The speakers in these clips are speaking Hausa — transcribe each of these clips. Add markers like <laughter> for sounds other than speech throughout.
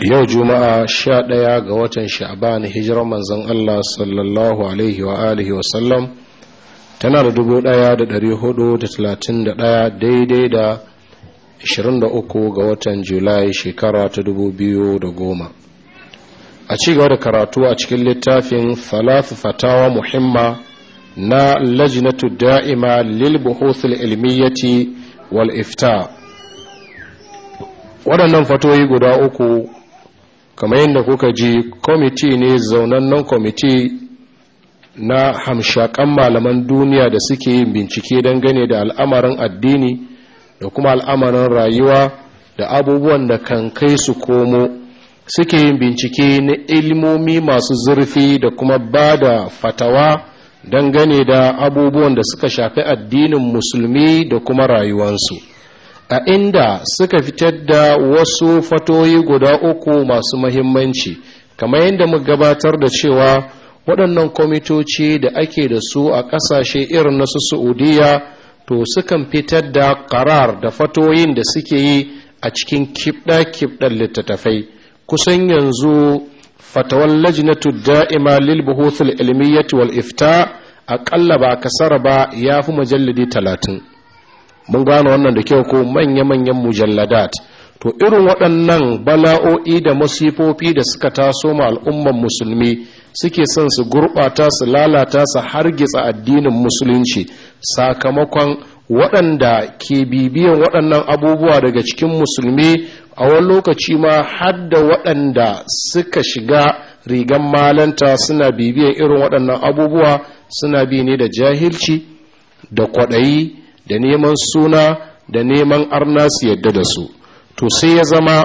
yau juma'a sha ɗaya ga watan sha'ban hijirar manzon Allah sallallahu alaihi wa alihi wa sallam tana da dubu ɗaya da ɗari hudu da talatin da ɗaya daidai da ashirin da uku ga watan julai shekara ta dubu biyu da goma a cigaba da karatu a cikin littafin falafi fatawa muhimma na Lajinatu da'ima lil buhuthil ilmiyyati wal ifta waɗannan fatoyi guda uku kamar yadda kuka ji kwamiti ne zaunannan kwamiti na hamshakan malaman duniya da suke yin bincike dangane da al'amarin addini da kuma al'amarin rayuwa da abubuwan da kan kai su komo suke yin bincike na ilmomi masu zurfi da kuma ba da fatawa dangane da abubuwan da suka shafi addinin musulmi da kuma rayuwansu. a inda suka fitar da wasu fatoyi guda uku masu mahimmanci kamar yadda mu gabatar da cewa waɗannan kwamitoci da ake da su a ƙasashe irin na su saudiya to sukan fitar da karar da fatoyin da suke yi a cikin kibɗa-kibɗan littattafai kusan yanzu fatawan lajinatu da'ima lil buhuthul ilmiyyati wal ifta aƙalla ba kasar ba ya fi mujalladi talatin mun gano wannan da kyau ko manya-manyan mujalladat to irin waɗannan bala'o'i da masifofi da suka taso ma al'umman musulmi suke son su gurɓata su lalata su hargitsa addinin musulunci sakamakon waɗanda ke bibiyan waɗannan abubuwa daga cikin musulmi a wani lokaci ma hadda waɗanda suka shiga rigan malanta suna bibiyan irin waɗannan abubuwa suna bi ne da jahilci da kwaɗayi da neman suna da neman arna su yadda da su to sai ya zama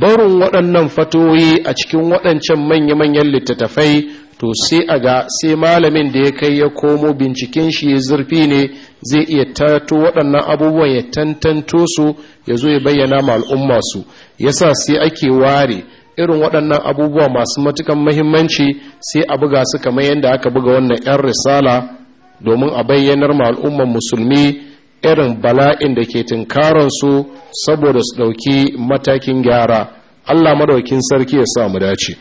barin waɗannan fatoyi a cikin waɗancan manya-manyan littattafai to sai a ga sai malamin da ya kai ya komo binciken shi ya zurfi ne zai iya tato waɗannan abubuwan ya tantanto su ya zo ya bayyana ma al'umma su yasa sai ake ware irin waɗannan abubuwa masu matukan mahimmanci sai a buga su kamar yadda aka buga wannan 'yan risala domin a bayyanar ma al'umman musulmi irin bala'in da ke su saboda su ɗauki matakin gyara allah madaukin sarki ya sa mu dace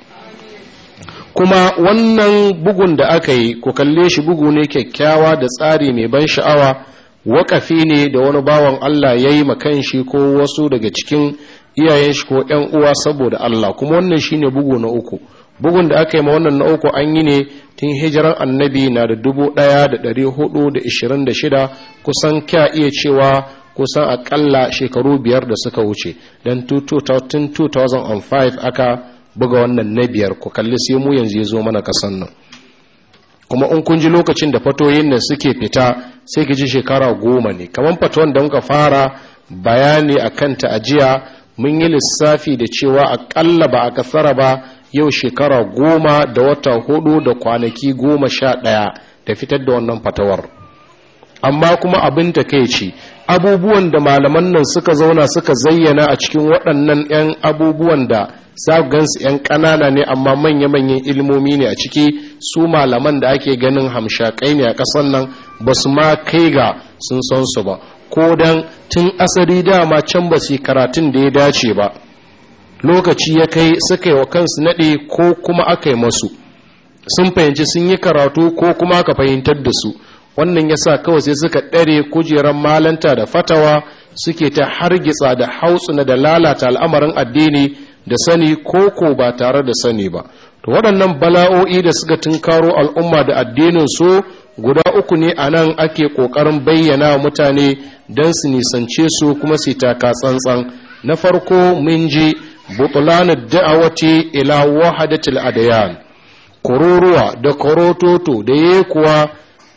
kuma wannan bugun da aka yi ku kalle shi bugu ne kyakkyawa da tsari mai ban sha'awa wakafi ne da wani bawan allah ya yi makan shi ko wasu daga cikin iyayen shi ko 'yan uwa saboda allah kuma wannan shine bugu na uku bugun da aka yi ma wannan na uku an yi ne tun hijiran annabi na da dubu ɗaya da ɗari hudu da ishirin da shida kusan kya iya cewa kusan akalla shekaru biyar da suka wuce don tun 2005 aka buga wannan na biyar ku kalli sai mu yanzu ya zo mana kasan nan kuma in kun ji lokacin da fatoyin nan suke fita sai ki ji shekara goma ne kamar faton da muka fara bayani a kanta a jiya mun yi lissafi da cewa akalla ba a kasara ba yau shekara goma da wata hudu da kwanaki goma sha ɗaya da fitar da wannan fatawar amma kuma abin ta kai ce abubuwan da malaman nan suka zauna suka zayyana a cikin waɗannan 'yan abubuwan da gansu 'yan ƙanana ne amma manya-manyan ilmomi ne a ciki su malaman da ake ganin hamshakai ne a ƙasar nan ba su ma kai ga sun san su ba ko don tun asali dama can ba su karatun da ya dace ba lokaci ya kai suka yi wa kansu naɗe ko kuma aka yi masu sun fahimci sun yi karatu ko kuma aka fahimtar da su wannan yasa kawai sai suka ɗare kujeran malanta da fatawa suke ta hargitsa da hautsuna da lalata al'amarin addini da sani ko ko ba tare da sani ba to waɗannan bala'o'i da suka tunkaro al'umma da addinin su guda uku ne a nan ake ƙoƙarin bayyana mutane don su nisance su kuma su taka tsantsan na farko mun ji butlan da'awati ila wahadatil adyan kururuwa da korototo da yekuwa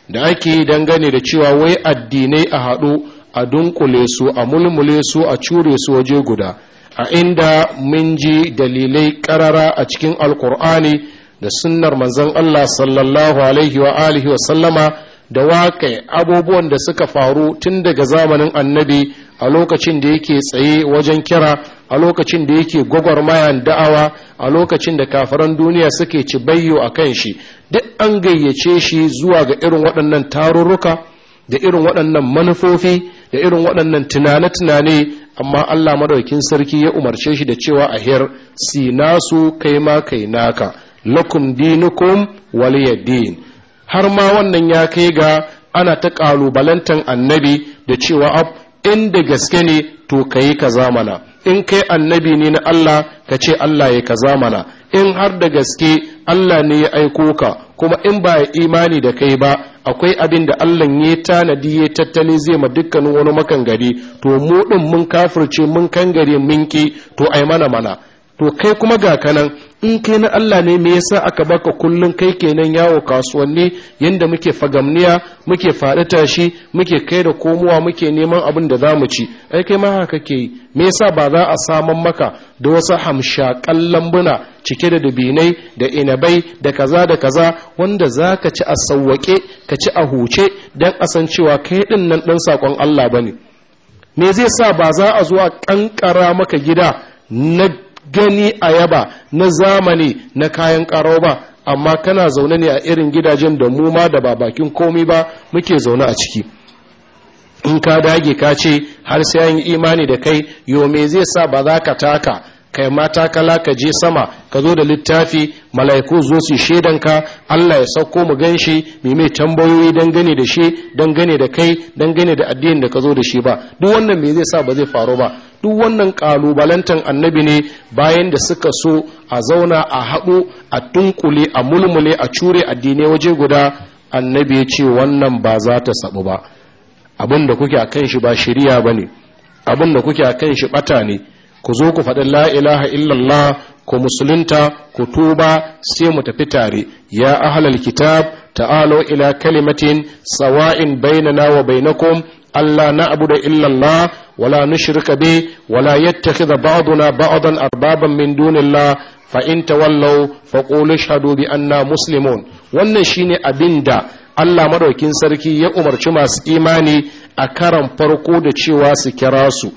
da ake dangane da cewa wai addinai a haɗu a dunkule su a mulmule su a cure su waje guda a inda mun ji dalilai ƙarara a cikin Alƙur'ani da sunnar manzon Allah sallallahu alaihi wa wa sallama da waƙe abubuwan da suka faru tun daga zamanin annabi a lokacin da yake tsaye wajen kira a lokacin da yake gwagwarmayan da'awa a lokacin da kafaran duniya suke ci bayyo a kan shi duk an gayyace shi zuwa ga irin waɗannan tarurruka da irin waɗannan manufofi da irin waɗannan tunane-tunane amma allah madaukin sarki ya umarce shi da cewa a her si nasu kai ma kai naka lakum dinukum waliyad din har ma wannan ya kai ga ana ta ƙalubalantan annabi da cewa in da gaske ne to ka yi kaza mana in kai annabi ne na Allah ka ce Allah ya kaza mana in har da gaske Allah ne ya aiko ka kuma in ba ya imani da kai ba akwai abin da Allah ya tanadi ya tattali zai ma dukkanin wani makangari to mu din mun kafirce mun kangare mun ki to ai mana mana to kai kuma ga kanan in kai na Allah ne me yasa aka baka kullun kai kenan yawo kasuwanni yanda muke fagamniya muke faɗi tashi muke kai da komowa muke neman abin da za mu ci ai kai ma haka ke yi me yasa ba za a saman maka da wasu hamshaƙan lambuna cike da dubinai da inabai da kaza da kaza wanda za ka ci a sawwaƙe ka ci a huce don a san cewa kai ɗin nan ɗan saƙon Allah ba ne me zai sa ba za a zo a ƙanƙara maka gida na gani a yaba na zamani na kayan ƙarau ba amma kana zaune ne a irin gidajen da mu ma da ba bakin komi ba muke zaune a ciki in ka dage ka ce har sai an yi imani da kai yo me zai sa ba za ka taka kai mata kala ka je sama ka zo da littafi mala'iku zo su shaidanka Allah ya sauko mu gan shi mai mai tambayoyi dangane da shi dangane da kai dangane da addinin da ka zo da shi ba duk wannan me zai sa ba zai faru ba duk wannan kalubalantan annabi ne bayan da suka so a zauna a haɗu a tunkule a mulmule a cure addinai waje guda annabi ya ce wannan ba za ta sabu ba abin da kuke a kan shi ba shirya ba ne abin da kuke a kan shi bata ne ku zo ku faɗi la ilaha illallah ku musulunta ku tuba sai mu tafi tare ya ahlal kitab ta'alu ila kalimatin sawa'in bainana wa bainakum alla na'budu da illallah wala nushrika bi wala yattakhidha ba'duna ba'dan arbaban min dunillah fa in tawallaw faqulu ashhadu bi anna muslimun wannan shine abinda Allah madaukin sarki ya umarci masu imani a karan farko da cewa su kira su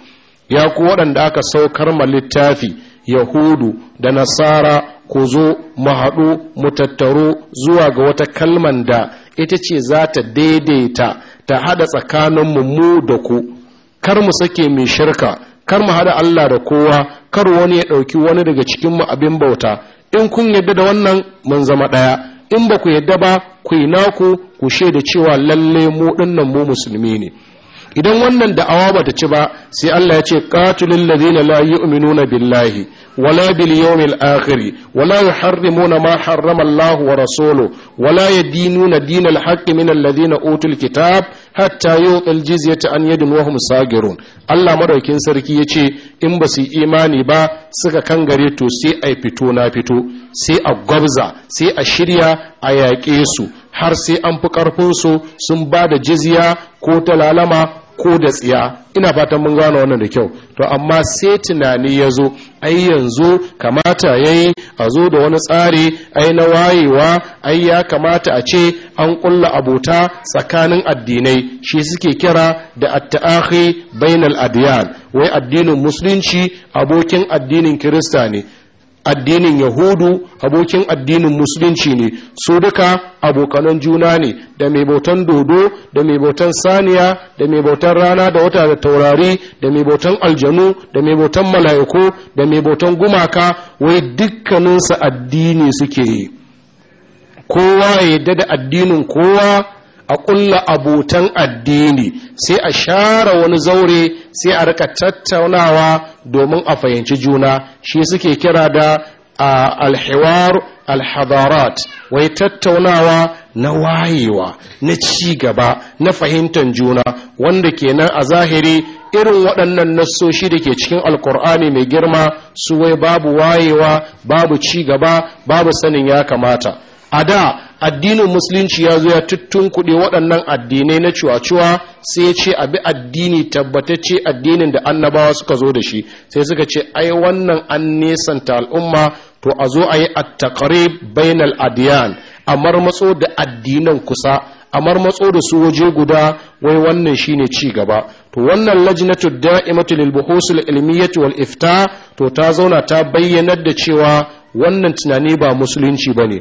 ya ku waɗanda aka saukar ma littafi yahudu da nasara ku zo mu haɗu mu tattaro zuwa ga wata kalman da ita ce za ta daidaita ta haɗa tsakaninmu mu da ku kar mu sake mai shirka kar mu haɗa Allah da kowa kar wani ya ɗauki wani daga cikinmu abin bauta in kun yadda da wannan mun zama ɗaya in ba ku yadda ba ku yi naku ku shaida cewa lalle mu ɗinnan mu musulmi ne idan wannan da'awa ba ta ci ba sai Allah ya ce qatilul ladina la yu'minuna billahi wala bil yawmil akhir wala yuharrimuna ma harrama Allah wa rasuluhu wala yadinuna dinal haqq min Ladina utul kitab hatta yu'til jizyata an yadin wa hum sagirun Allah madaukin sarki yace in ba su imani ba suka gare to sai a fito na fito sai a gwabza sai a shirya a yaƙe su har sai an fi su sun ba da jizya ko ta lalama ko da tsiya ina fatan mun gano wannan da kyau to amma sai tunani ya zo ai yanzu kamata ya yi a zo da wani tsari ai na wayewa ai ya kamata a ce an kulla abota tsakanin addinai shi suke kira da atta'ahi bainal adiyan wai addinin musulunci abokin addinin kirista ne addinin yahudu abokin addinin musulunci ne su duka abokanan juna ne da mai bautan dodo da mai bautan saniya da mai bautan rana da wata da taurari da mai bautan aljanu da mai bautan mala'iku da mai bautan gumaka wai dukkaninsu addini suke yi kowa ya yadda da addinin kowa a kulla abotan addini sai a share wani zaure sai a rika tattaunawa domin a fahimci juna shi suke kira da alhiwar alhadarat wai tattaunawa na wayewa na ci gaba na fahimtar juna wanda kenan a zahiri irin waɗannan nassoshi da ke cikin alkur'ani mai girma su wai babu wayewa babu ci gaba babu sanin ya kamata a da addinin musulunci ya zo ya tuttun kuɗi waɗannan addinai na cuwa-cuwa sai ya ce bi addini tabbatacce addinin da annabawa suka zo da shi sai suka ce ai wannan an nesanta al'umma to a zo a yi takare bainal adiyan a marmatso da addinan kusa a marmatso da su waje guda wai wannan shine ci gaba to wannan lajnatu da'imatu lil buhusul ilmiyyati wal ifta to ta zauna ta bayyanar da cewa wannan tunani ba musulunci bane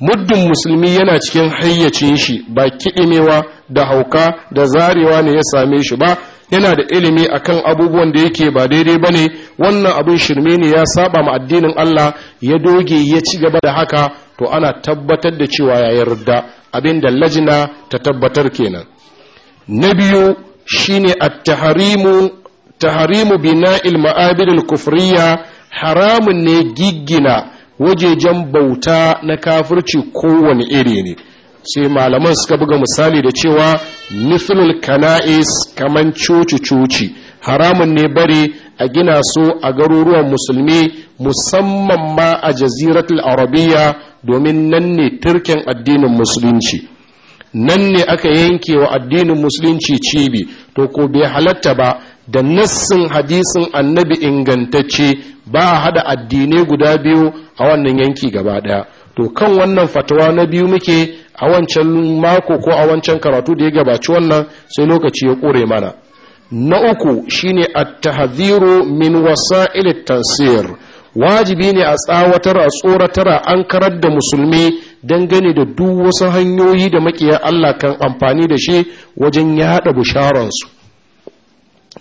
muddin musulmi yana cikin hayyacin shi ba kiɗimewa da hauka da zarewa ne ya same shi ba yana da ilimi a kan abubuwan da yake ba daidai ba ne wannan abin shirme ne ya saba ma addinin Allah ya doge ya ci gaba da haka to ana tabbatar da cewa ya yarda abin da lajina ta tabbatar kenan na biyu shine at-tahrimu tahrimu bina'il ma'abidil kufriya haramun ne giggina wajejen bauta na kafirci kowane iri ne sai malaman suka buga misali da cewa nufinul kana'is kaman coci-coci haramun ne bari a gina su a garuruwan musulmi musamman ma a jaziratul arabiya domin nan ne turken addinin musulunci nan ne aka yanke wa addinin musulunci cibi to ko bai halatta ba da nassin hadisin annabi ingantacce ba a hada addinai guda biyu a wannan yanki gaba daya to kan wannan fatawa na biyu muke a wancan mako ko a wancan karatu da ya gabaci wannan sai lokaci ya kore mana na uku shine at tahziru min wasa'il at-tansir wajibi ne a tsawatar a tsoratar an karar da musulmi dangane da duk wasu hanyoyi da makiya Allah kan amfani da shi wajen yada bisharansu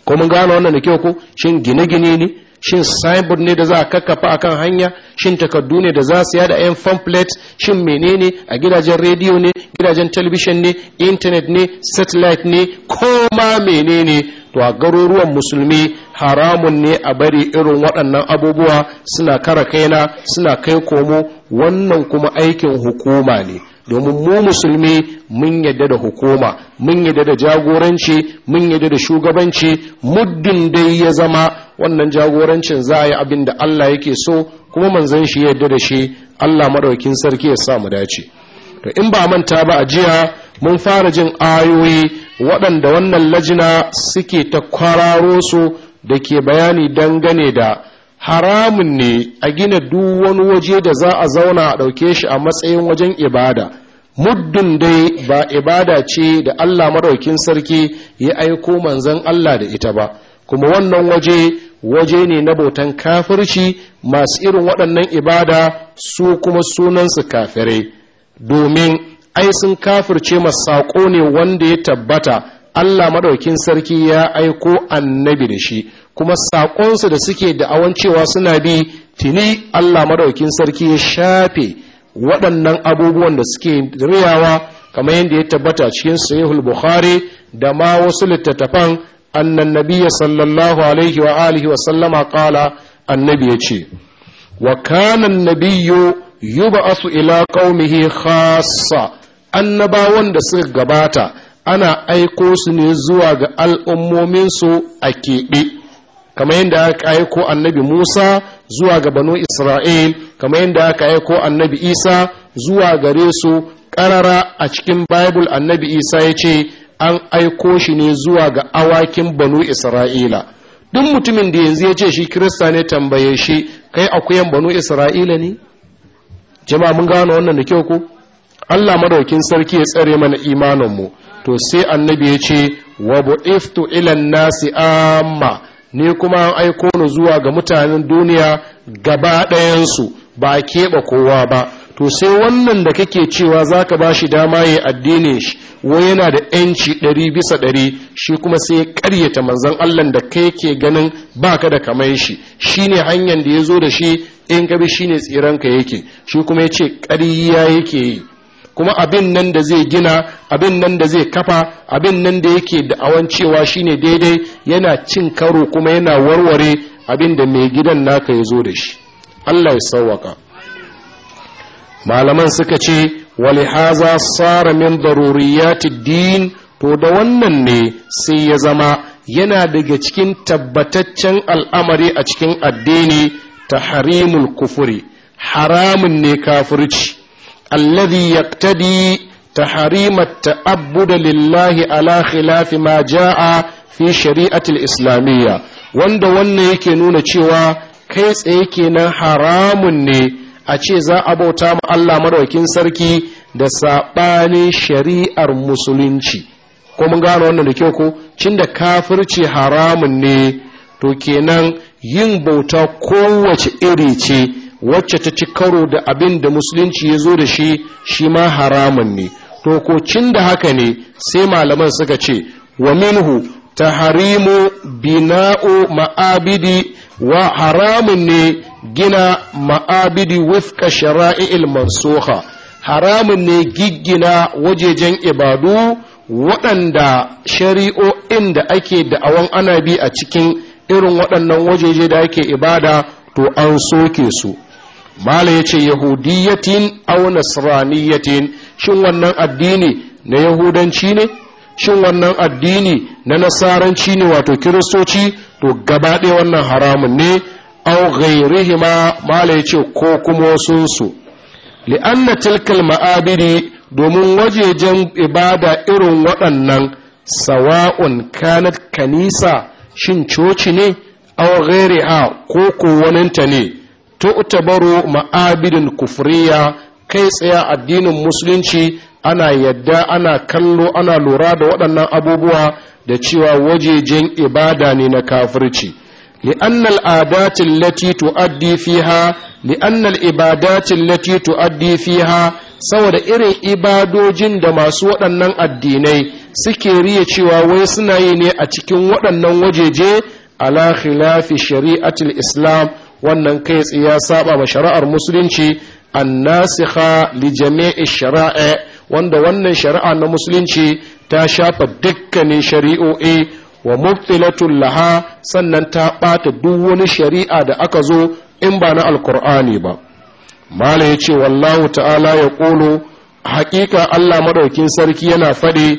ko mun gano wannan da kyau ko shin gine-gine ne shin signboard ne da za a kakkafa akan hanya shin takardu ne da za su yada yan pamphlet shin menene a gidajen rediyo ne gidajen talabishin ne internet ne satellite ne ko ma menene to a garuruwan musulmi haramun ne a bari irin waɗannan abubuwa suna kara kaina suna kai komo wannan kuma aikin hukuma ne domin mu musulmi mun yadda da hukuma mun yadda da jagoranci mun yadda da shugabanci muddin dai ya zama wannan jagorancin za a yi abin da Allah yake so kuma manzon shi yadda da shi Allah maɗaukin sarki ya sa mu dace to in ba manta ba a jiya mun fara jin ayoyi waɗanda wannan lajina suke ta kwararo su da ke bayani dangane da haramun ne a gina duk wani waje da za a zauna a ɗauke shi a matsayin wajen ibada muddin dai ba ibada ce da Allah maraukin sarki ya aiko manzan Allah da ita ba kuma wannan waje waje ne na bautan kafirci masu irin waɗannan ibada su kuma sunansu kafirai domin ai sun kafirce masu saƙo ne wanda ya tabbata Allah madaukin sarki ya aiko annabi da shi kuma saƙonsu da suke da awan cewa suna bi tuni Allah madaukin sarki ya shafe waɗannan abubuwan da suke riyawa kamar yadda ya tabbata cikin sahihul bukhari da ma wasu littattafan annan sallallahu alaihi wa alihi wa sallama qala annabi yace wa kana annabiyyu yub'asu ila qaumihi khassa annabawan da suka gabata ana aiko su ne zuwa ga al'ummominsu a keɓe kamar yadda aka aiko annabi musa zuwa ga banu isra'il kamar yadda aka aiko annabi isa zuwa gare su ƙarara a cikin bible annabi isa ya ce an aiko shi ne zuwa ga awakin banu isra'ila duk mutumin da yanzu ya ce shi kirista ne tambaye shi kai akuyan banu isra'ila ne jama'a mun gano wannan da kyau ko allah madaukin sarki ya tsare mana imaninmu to sai annabi ya ce wa bu'iftu ilan nasi amma ni kuma an aiko ni zuwa ga mutanen duniya gaba ɗayansu ba keɓe kowa ba to sai wannan da kake cewa zaka ba shi dama ya addini shi wai yana da yanci ɗari bisa ɗari shi kuma sai karyata ƙaryata manzon Allah da kai ke ganin baka da kamar shi shine hanyar da ya zo da shi in ka bi shine tsiranka yake shi kuma ya ce ƙarya yake yi kuma abin nan da zai gina abin nan da zai kafa abin nan da yake da'awan cewa shine daidai yana cin karo kuma yana warware abin da mai gidan naka ya zo da shi Allah ya sauwaka malaman suka ce wali haza tsara min din to da wannan ne sai ya zama yana daga cikin tabbataccen al'amari a cikin addini ta harimul kufuri haramun ne kafirci alladhi yaqtadi تحريم da lillahi ala خلاف ma جاء fi shari'atul islamiyya wanda wannan yake nuna cewa kai tsaye kenan haramun ne a ce za a bauta ma Allah madaukin sarki da sabanin shari'ar musulunci ko mun gano wannan da kyau ko cinda kafirci haramun ne to kenan yin bauta kowace iri ce wacce ta ci karo da abin da musulunci ya zo da shi shi ma haramun ne to ko cin da haka ne sai malaman suka ce wa minhu ta Harimu bina'u ma'abidi wa haramun ne gina ma'abidi wifka shara'il mansuha haramun ne giggina wajejen ibadu waɗanda shari'o'in da ake da'awan ana bi a cikin irin waɗannan wajeje da ake ibada to an soke su mala ya ce yahudiyatin au nasraniyatin shin wannan addini na yahudanci ne shin wannan addini na nasaranci ne wato kiristoci to gaba wannan haramun ne au ghairihima mala ya ce ko kuma wasunsu li'anna tilkal ma'abiri domin wajejen ibada irin waɗannan sawa'un kanat kanisa shin coci ne au ghairiha ko ko waninta ne tu'tabaru ma'abidin kufriya kai tsaye addinin musulunci ana yadda ana kallo ana lura da waɗannan abubuwa da cewa wajejen ibada ne na kafirci li'anna adatin allati tu'addi fiha li'anna al'ibadati allati tu'addi fiha saboda irin ibadojin da masu waɗannan addinai suke riya cewa wai suna yi ne a cikin waɗannan wajeje ala khilafi shari'atul islam wannan kai tsaye ya saba ma shari'ar musulunci nasiha li jami'i shari'a wanda wannan shari'a na musulunci ta shafa dukkanin shari'o'i wa mubtilatul laha sannan ta bata duk wani shari'a da aka zo in ba na alkur'ani ba mala yace wallahu ta'ala ya qulu haƙiƙa Allah madaukin sarki yana faɗi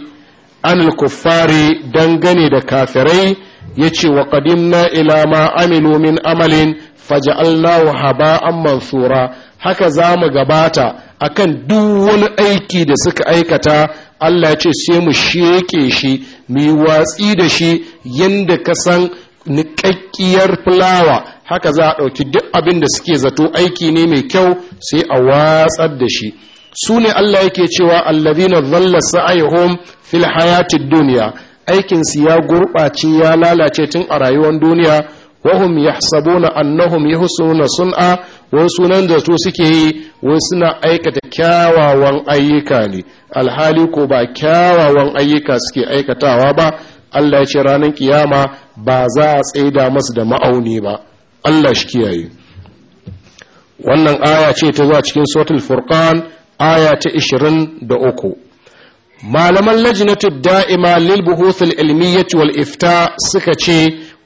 anil kuffari dangane da kafirai yace wa qadimna ila ma amilu min amalin faja'alnahu haba'an mansura haka za mu gabata akan duk wani aiki da suka aikata Allah ya ce sai mu sheke shi mu yi watsi da shi yanda ka san niƙaƙƙiyar fulawa haka za a ɗauki duk abin da suke zato aiki ne mai kyau sai a watsar da shi su ne Allah yake cewa allazina dhalla sa'ayhum fil hayatid dunya aikin su ya gurɓace ya lalace tun a rayuwar duniya wahum yahsabuna annahum yahsuna sun'a wani sunan da to suke yi wani suna aikata kyawawan ayyuka ne alhali ko ba kyawawan ayyuka suke aikatawa ba Allah ya ce ranar kiyama ba za a tsaida masu da ma'auni ba Allah shi kiyaye wannan aya ce ta zuwa cikin suratul furqan aya ta 23 malaman lajnatud da'ima lil buhuthil ilmiyyah wal ifta suka ce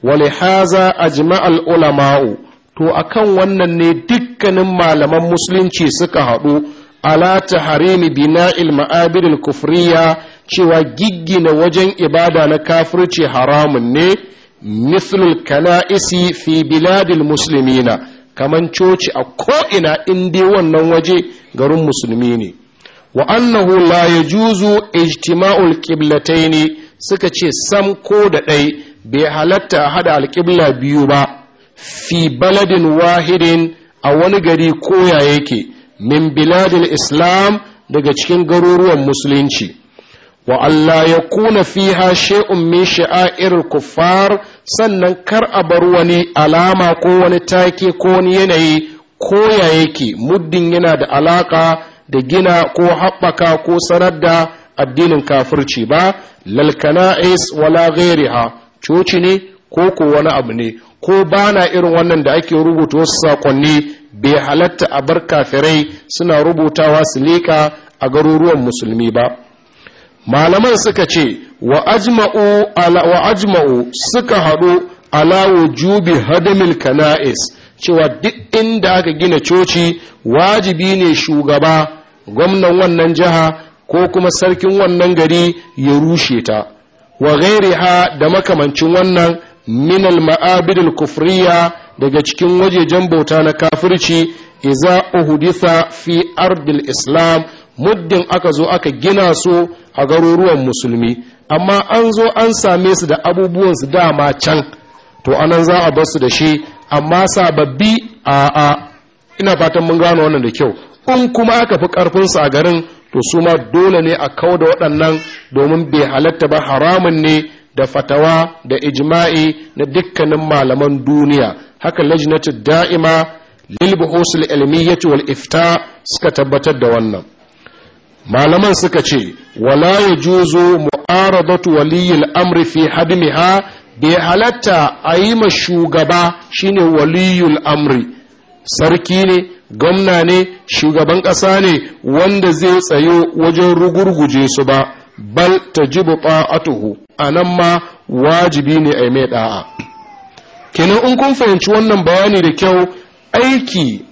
wale haza a jima'al ulama'u to akan wannan ne dukkanin malaman musulunci suka haɗu ala ta bina'il ma'abirin kufriya cewa giggina wajen ibada na kafirci haramun ne mithlul kana'isi fi biladil musulmina kaman coci a ko'ina in dai wannan waje garin musulmi ne wa annahu la yajuzu ijtima'ul ne suka ce sam ko da ɗai bai halatta haɗa alƙibla biyu ba fi baladin wahidin a wani gari koya yake min biladin islam daga cikin garuruwan musulunci wa Allah ya kuna fiha shay'un mai sha'air kuffar sannan kar a bar wani alama ko wani take ko wani yanayi koya yake muddin yana da alaka da gina ko haɓaka ko sanar da addinin kafirci ba lalkana'is wala ghairiha coci ne ko ko wani abu ne ko ba na irin wannan da ake rubuta wasu sakonni bai halatta a bar kafirai suna rubutawa su leka a garuruwan musulmi ba malaman suka ce wa ajma'u suka haɗu ala wujubi hadamil kana'is cewa duk inda aka gina coci wajibi ne shugaba gwamnan wannan jiha ko kuma sarkin wannan gari ya rushe ta wa ha da makamancin wannan minal ma'abidul kufriya daga cikin wajejen bauta na kafirci iza uhudisa fi ardil islam muddin aka zo aka gina su a garuruwan musulmi amma an zo an same su da abubuwansu su dama can to anan za a bar su da shi amma sababbi a a ina fatan mun gano wannan da kyau in kuma aka fi karfin su a garin to su ma dole ne a kau da waɗannan domin bai halatta ba haramun ne da fatawa da ijma'i na dukkanin malaman duniya haka lajnatu da'ima lil buhusul ilmiyyati wal ifta suka tabbatar da wannan malaman suka ce wala yajuzu mu'aradatu waliyil amri fi hadmiha bai halatta a yi ma shugaba shine waliyul amri sarki ne gwamna ne shugaban ƙasa ne wanda zai tsayo wajen rugurguje su ba bal ta ji ɓa'atuhu a nan ma wajibi ne a mai ɗa'a kenan in kun fahimci wannan bayani da kyau aiki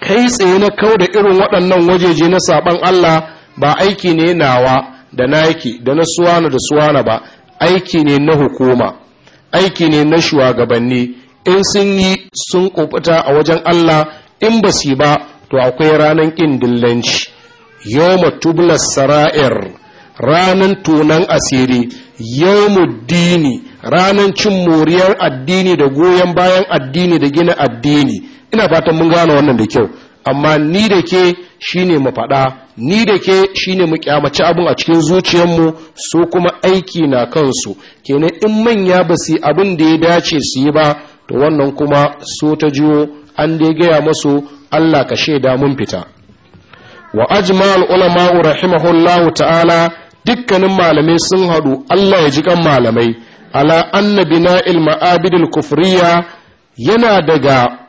kai tsaye na kau da irin waɗannan wajeje na saɓan allah ba aiki ne nawa da naki da na suwana da suwana ba aiki ne na hukuma aiki ne na shugabanni in sun yi sun kubuta a wajen Allah in ba su ba to akwai ranar ƙin dillanci yawma tublas sara'ir ranan tunan asiri yawmu dini ranan cin moriyar addini da goyon bayan addini da gina addini ina fatan mun gane wannan da kyau amma ni da ke shine mu faɗa ni da ke shine mu kyamaci abin a cikin zuciyarmu su kuma aiki na kansu kenan in manya ba su abin da ya dace su yi ba to wannan kuma so ta jiwo an dai gaya masu Allah ka shaida mun fita wa ajma'al ulama'u rahimahullahu ta'ala dukkanin malamai sun haɗu Allah ya ji kan malamai ala anna bina'il ma'abidil kufriya yana daga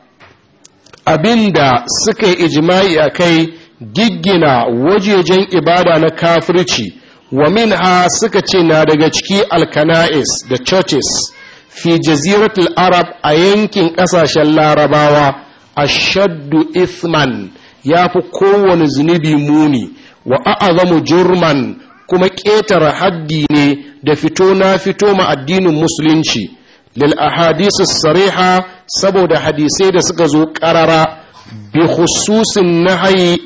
abinda suka yi ijma'i a kai giggina wajejen ibada na kafirci wa minha suka ce na daga ciki alkana'is da churches fi jaziratul arab a yankin ƙasashen larabawa ashaddu ithman ya fi kowane zunubi muni wa a'azamu jurman kuma ƙetare haddi ne da fito na fito ma addinin musulunci lil ahadisu sariha saboda hadisai da suka zo ƙarara bi khususin nahayi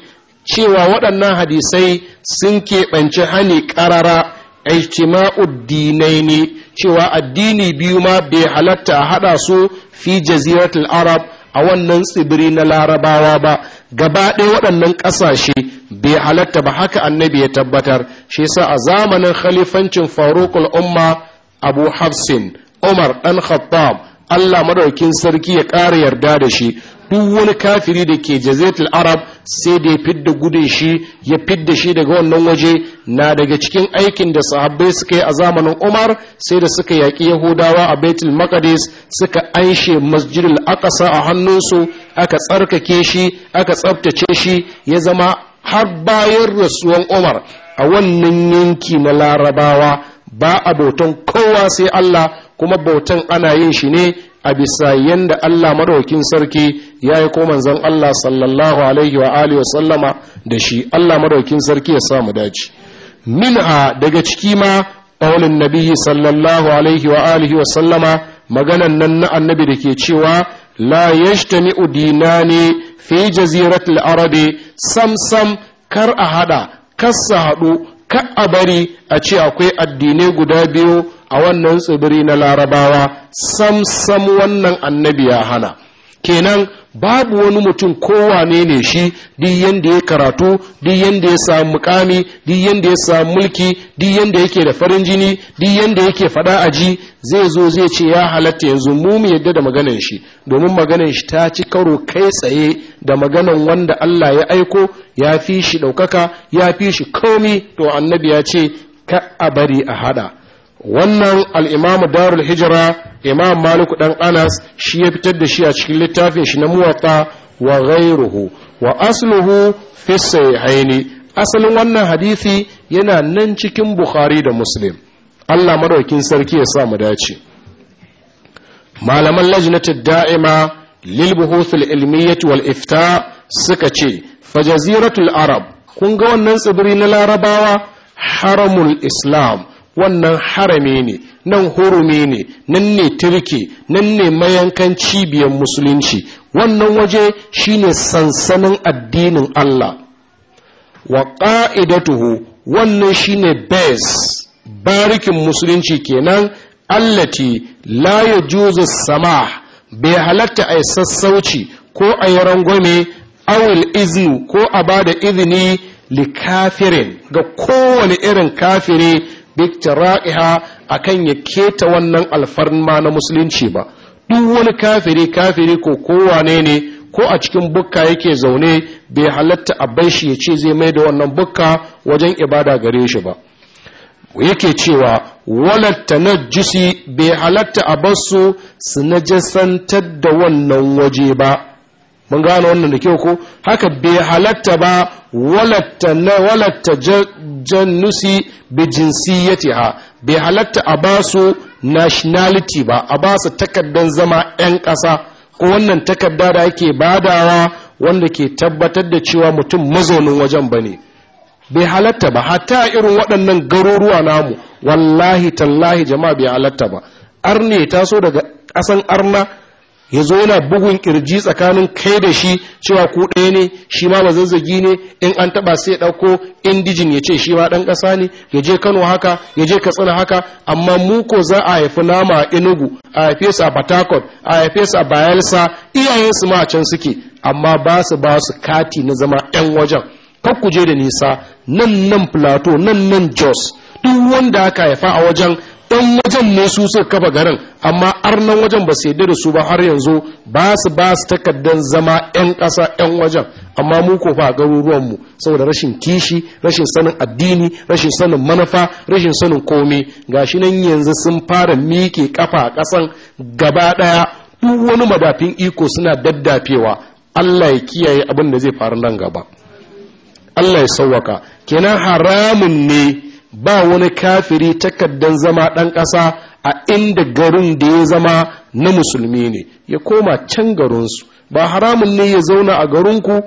cewa waɗannan hadisai sun keɓance hani ƙarara ijtima'ud ne cewa addini biyu ma bai halatta hada su fi jaziratul arab a wannan tsibiri na larabawa ba gaba ɗaya waɗannan ƙasashe bai halatta ba haka annabi ya tabbatar shi yasa a zamanin khalifancin farukul umma abu hafsin umar ɗan khattab allah madaukin sarki ya ƙara yarda da shi duk wani kafiri da ke jazetul arab sai da ya fidda gudun shi ya fidda shi daga wannan waje na daga cikin aikin da sahabbai suka yi a zamanin umar sai da suka yaƙi yahudawa a baitul maqdis suka anshe masjidul akasa a hannunsu aka tsarkake shi aka tsabtace shi ya zama har bayan rasuwan umar a wannan yanki na larabawa ba a bautan kowa sai allah kuma bautan ana yin shi ne a bisa yadda Allah madaukin sarki ya yi ko zan Allah sallallahu alaihi wa alihi sallama da shi Allah madaukin sarki ya samu dace a daga ciki ma qaulin nabi sallallahu alaihi wa alihi sallama maganan nan na annabi da ke cewa la udina ne fi jazirat al'arabi sam sam kar a haɗa kassa haɗu ka a bari a ce akwai addinai guda biyu a wannan tsibiri na larabawa sam sam wannan annabi ya hana kenan babu wani mutum kowane ne shi duk yadda ya karatu duk yadda ya samu mukami duk yadda ya samu mulki duk ya yake da farin jini duk yanda yake fada ji zai zo zai ce ya halatta yanzu mu mu yadda da maganan shi domin maganan shi ta ci karo kai tsaye da maganan wanda Allah ya aiko ya fi shi daukaka ya fi shi komi to annabi ya ce ka a bari a hada wannan al'imamu darul hijira imam maliku ɗan anas shi ya fitar da shi a cikin littafin shi na muwatta wa ghairuhu wa asluhu fi sahihaini asalin wannan hadisi yana nan cikin bukhari da muslim Allah madaukin sarki ya sa mu dace malaman lajnatud da'ima lil buhuthil ilmiyyah wal ifta suka ce fajaziratul arab kun ga wannan tsibiri na larabawa haramul islam wannan harami ne nan hurumi ne nan ne turke nan ne mayankan cibiyar musulunci wannan waje shine sansanin addinin Allah wa ƙa'idatuhu wannan shine base barikin musulunci kenan allati la yajuzu sama bai halatta a sassauci ko a yi rangwame awil iznu ko a ba da izini likafirin ga kowane irin kafire biktira'iha akan ya keta wannan alfarma na musulunci ba duk wani kafiri kafiri ko kowane ne ko a cikin bukka yake zaune bai halatta a bai shi ya ce zai mai da wannan bukka wajen ibada gare shi ba yake cewa walatta na jisi bai halatta a basu su najasantar da wannan waje ba mun gano wannan da kyau ko haka bai halatta ba walatta walatta jannusi bi ha. bai halatta a ba su nationality ba a ba su takaddan zama yan ƙasa ko wannan takarda da ake badawa wanda ke tabbatar da cewa mutum mazaunin wajen bane bai halatta ba hatta irin waɗannan garuruwa namu wallahi tallahi jama'a bai halatta ba arne taso daga ƙasan arna ya zo yana bugun kirji tsakanin kai da shi cewa ku ɗaya ne shi ma zazzagi ne in an taɓa sai ya ɗauko indijin ya ce shi ma ɗan ƙasa ne ya je kano haka ya je katsina haka amma muko za a haifi nama a enugu a haife su a batakot a haife su a bayelsa su ma can suke amma ba su ba su kati na zama ɗan wajen kar ku da nisa nan nan plateau nan nan jos duk wanda aka haifa a wajen ɗan wajen ne su suka kafa garin amma arnan wajen ba su da su ba har yanzu ba su ba su takaddan zama 'yan ƙasa 'yan wajen amma mu ko fa garuruwanmu saboda rashin kishi rashin sanin addini rashin sanin manufa rashin sanin komai gashi nan yanzu sun fara miƙe kafa a ƙasan gaba ɗaya duk wani madafin iko suna daddafewa Allah ya kiyaye abin da zai faru nan gaba Allah ya sauwaka kenan haramun ne ba wani kafiri takaddan zama ɗan ƙasa a inda garin da ya zama na musulmi ne ya koma can garinsu ba haramun ne ya zauna a garinku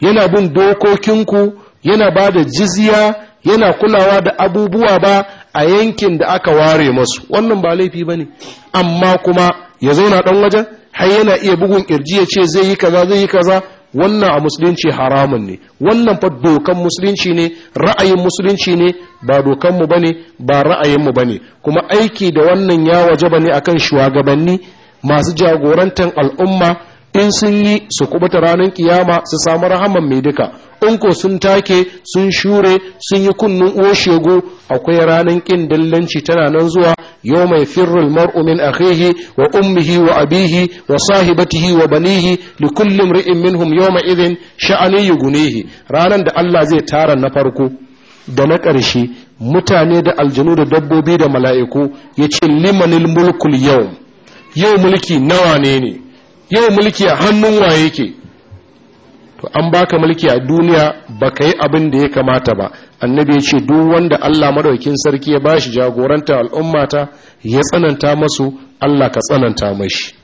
yana bin dokokinku yana ba da jiziya, yana kulawa da abubuwa ba a yankin da aka ware masu wannan ba laifi ba ne amma kuma ya zauna ɗan wajen har yana iya bugun ƙirji ya ce zai yi kaza zai yi kaza wannan a musulunci haramun ne wannan fa dokan musulunci ne ra'ayin musulunci ne ba dokanmu ba ne ba ra'ayinmu ba ne kuma aiki da wannan ya waje ba ne akan shugabanni masu jagorantar al'umma in sun yi su kubuta ranar kiyama su samu rahaman mai duka in ko sun take sun shure sun yi kunnun shegu, akwai ranar kin dillanci tana nan zuwa yau mai firrul mar'u min akhihi wa ummihi wa abihi wa sahibatihi wa banihi li kulli imri'in minhum yawma idhin sha'ani yugunihi ranan da Allah zai tara na farko da na ƙarshe mutane da aljanu da dabbobi da mala'iku yace limanil mulkul yau yau mulki nawa ne ne yau mulki a hannun waye yake to an baka mulki a duniya baka yi abin da ya kamata ba annabi ya ce duk wanda Allah madaukin sarki ya bashi jagoranta al'ummata ya tsananta masu Allah ka tsananta mashi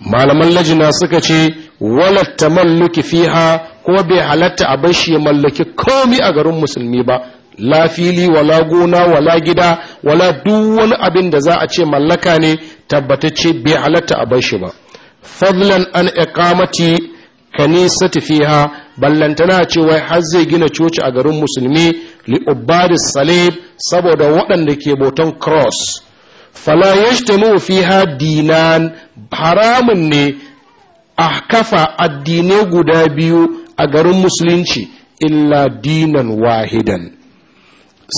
malaman lajina suka ce wala tamalluki fiha ko bai halatta a bashi ya mallaki komi a garin musulmi ba la fili wala gona wala gida wala duk wani abin da za a ce mallaka ne tabbatacce bai halatta a bar shi ba fadlan an iqamati kanisati fiha ballantana ce wai har zai gina coci a garin musulmi li ubadi salib saboda waɗanda ke bautan cross fala yajtamu fiha dinan haramun ne a kafa addinai guda biyu a garin musulunci illa dinan wahidan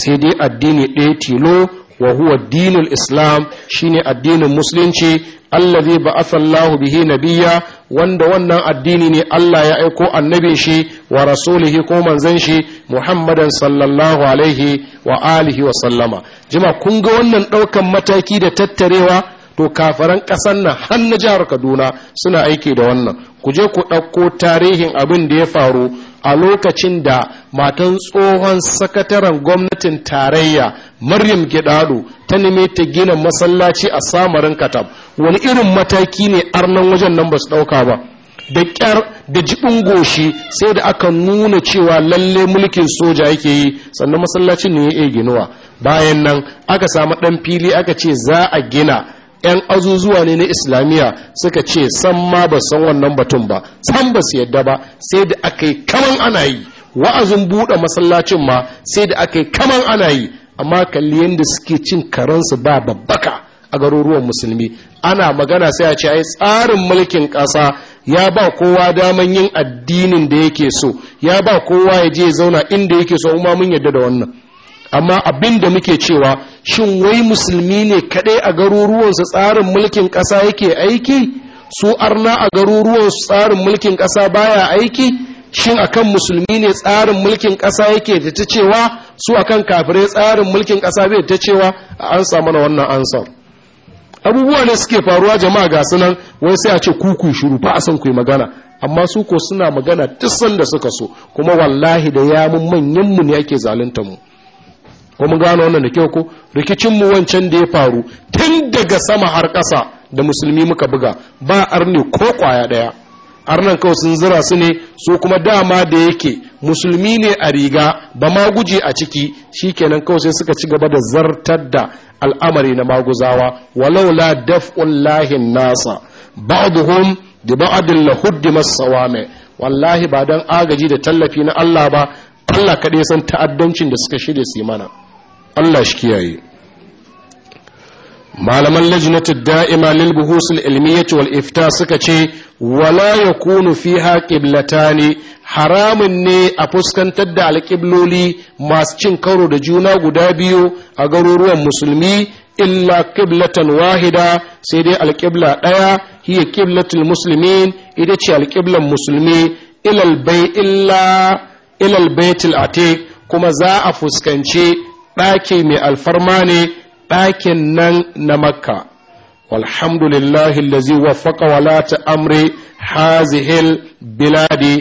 sai dai addini ɗaya tilo wa huwa dinul islam shine addinin musulunci allazi ba'atha Allah bihi nabiyya wanda wannan addini ne Allah ya aiko annabi shi wa rasulihi ko manzon shi Muhammadan sallallahu alaihi wa alihi wa sallama jima kun ga wannan daukan mataki da tattarewa to kafaran ƙasar nan har na jihar Kaduna suna aiki da wannan ku je ku ɗauko tarihin abin da ya faru a lokacin da matan tsohon sakataren gwamnatin tarayya maryam gidado ta neme ta gina masallaci a samarin katab wani irin mataki ne arnan wajen nan ba su ɗauka ba da kyar da jibin goshi sai da aka nuna cewa lalle mulkin soja yake yi sannan masallacin ne ya ginawa ginuwa bayan nan aka samu ɗan fili aka ce za a gina 'yan azuzuwa ne na islamiyya suka ce san ma ba san wannan batun ba san ba su yadda ba sai da aka yi kaman ana yi wa'azin buɗe masallacin ma sai da aka yi kaman ana yi amma kalli yadda suke cin karansu ba babbaka a garuruwan musulmi ana magana sai a ce ai tsarin mulkin ƙasa ya ba kowa daman yin addinin da yake so ya ba kowa ya je zauna inda yake so umma mun yadda da wannan amma abin da muke cewa shin wai musulmi ne kaɗai a garuruwansu tsarin mulkin ƙasa yake aiki su arna a garuruwansu tsarin mulkin ƙasa baya aiki shin akan musulmi ne tsarin mulkin ƙasa yake da ta cewa su akan kafirai tsarin mulkin ƙasa bai ta cewa an samu na wannan ansa abubuwa ne suke faruwa jama'a ga sunan wai sai a ce kuku shiru ba a san ku magana amma su ko suna magana duk sanda suka so kuma wallahi da ya mun manyan mu ne yake zalunta mu ko gano wannan da kyau ko rikicin mu wancan da ya faru tun daga sama har ƙasa da musulmi muka buga ba arne ko kwaya ɗaya arnan kawai sun zira su ne su kuma dama da yake musulmi ne a riga ba ma guje a ciki shi kenan kawai sai suka ci gaba da zartar da al'amari na maguzawa la daf lahin nasa ba'dhum bi ba'dil lahuddimas sawame wallahi ba don agaji da tallafi na Allah ba Allah kaɗai san ta'addancin da suka shirya su mana Allah shi kiyaye malaman lajnatul da'ima lil buhusul ilmiyyah wal ifta suka ce wala yakunu fiha ne. haramun ne a fuskantar da alƙibloli masu cin karo da juna guda biyu a garuruwan musulmi illa qiblatan wahida sai dai alƙibla ɗaya hiya qiblatul musulmin. ita ce alƙiblan musulmi ilal bai illa ilal baitul atiq kuma za a fuskanci ɗaki mai alfarma ne ɗakin nan na makka walhamdulillahi lazi wa walata amri hazihil biladi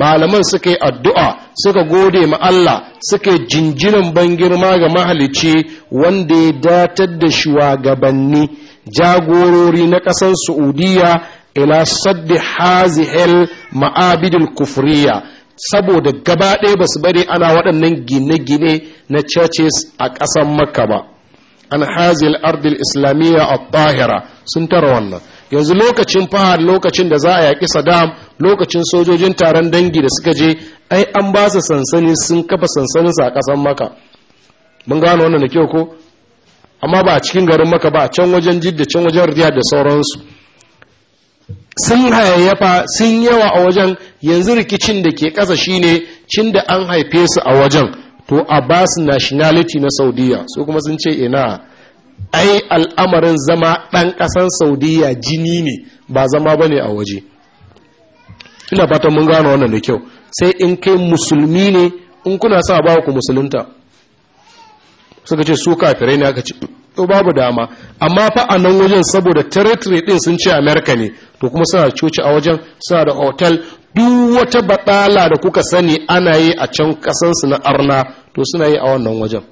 malaman suka yi addu'a suka gode ma Allah suka yi jinjinan ban girma ga mahalici wanda ya datar da shugabanni jagorori na ƙasar Saudiya ila saddi hazihil ma'abidul kufriya saboda gaba ɗaya ba su bari ana waɗannan gine-gine na churches a ƙasar makka ba an hazil ardil islamiyya a tahira sun tara wannan yanzu lokacin fahad lokacin da za a yaƙi saddam lokacin sojojin taron dangi da suka je ai an ba su sansani sun kafa sansaninsu a ƙasar maka mun gano wannan da kyau ko amma ba a cikin garin maka ba a can wajen jidda can wajen riyad da sauransu sun hayayyafa sun yawa a wajen yanzu rikicin da ke ƙasa shine cin da an haife su a wajen to a ba su nationality na saudiya su kuma sun ce ina ai al'amarin zama ɗan ƙasan saudiya jini ne ba zama ba ne a waje ina fatan mun gano wannan da kyau sai in kai musulmi ne in kuna sa ba ku musulunta suka ce su kafirai ne aka ce to babu dama amma fa a nan wajen saboda territory din sun ce america ne to kuma suna coci a wajen suna da hotel duk wata batsala da kuka sani ana yi a can kasansu na arna to suna yi a wannan wajen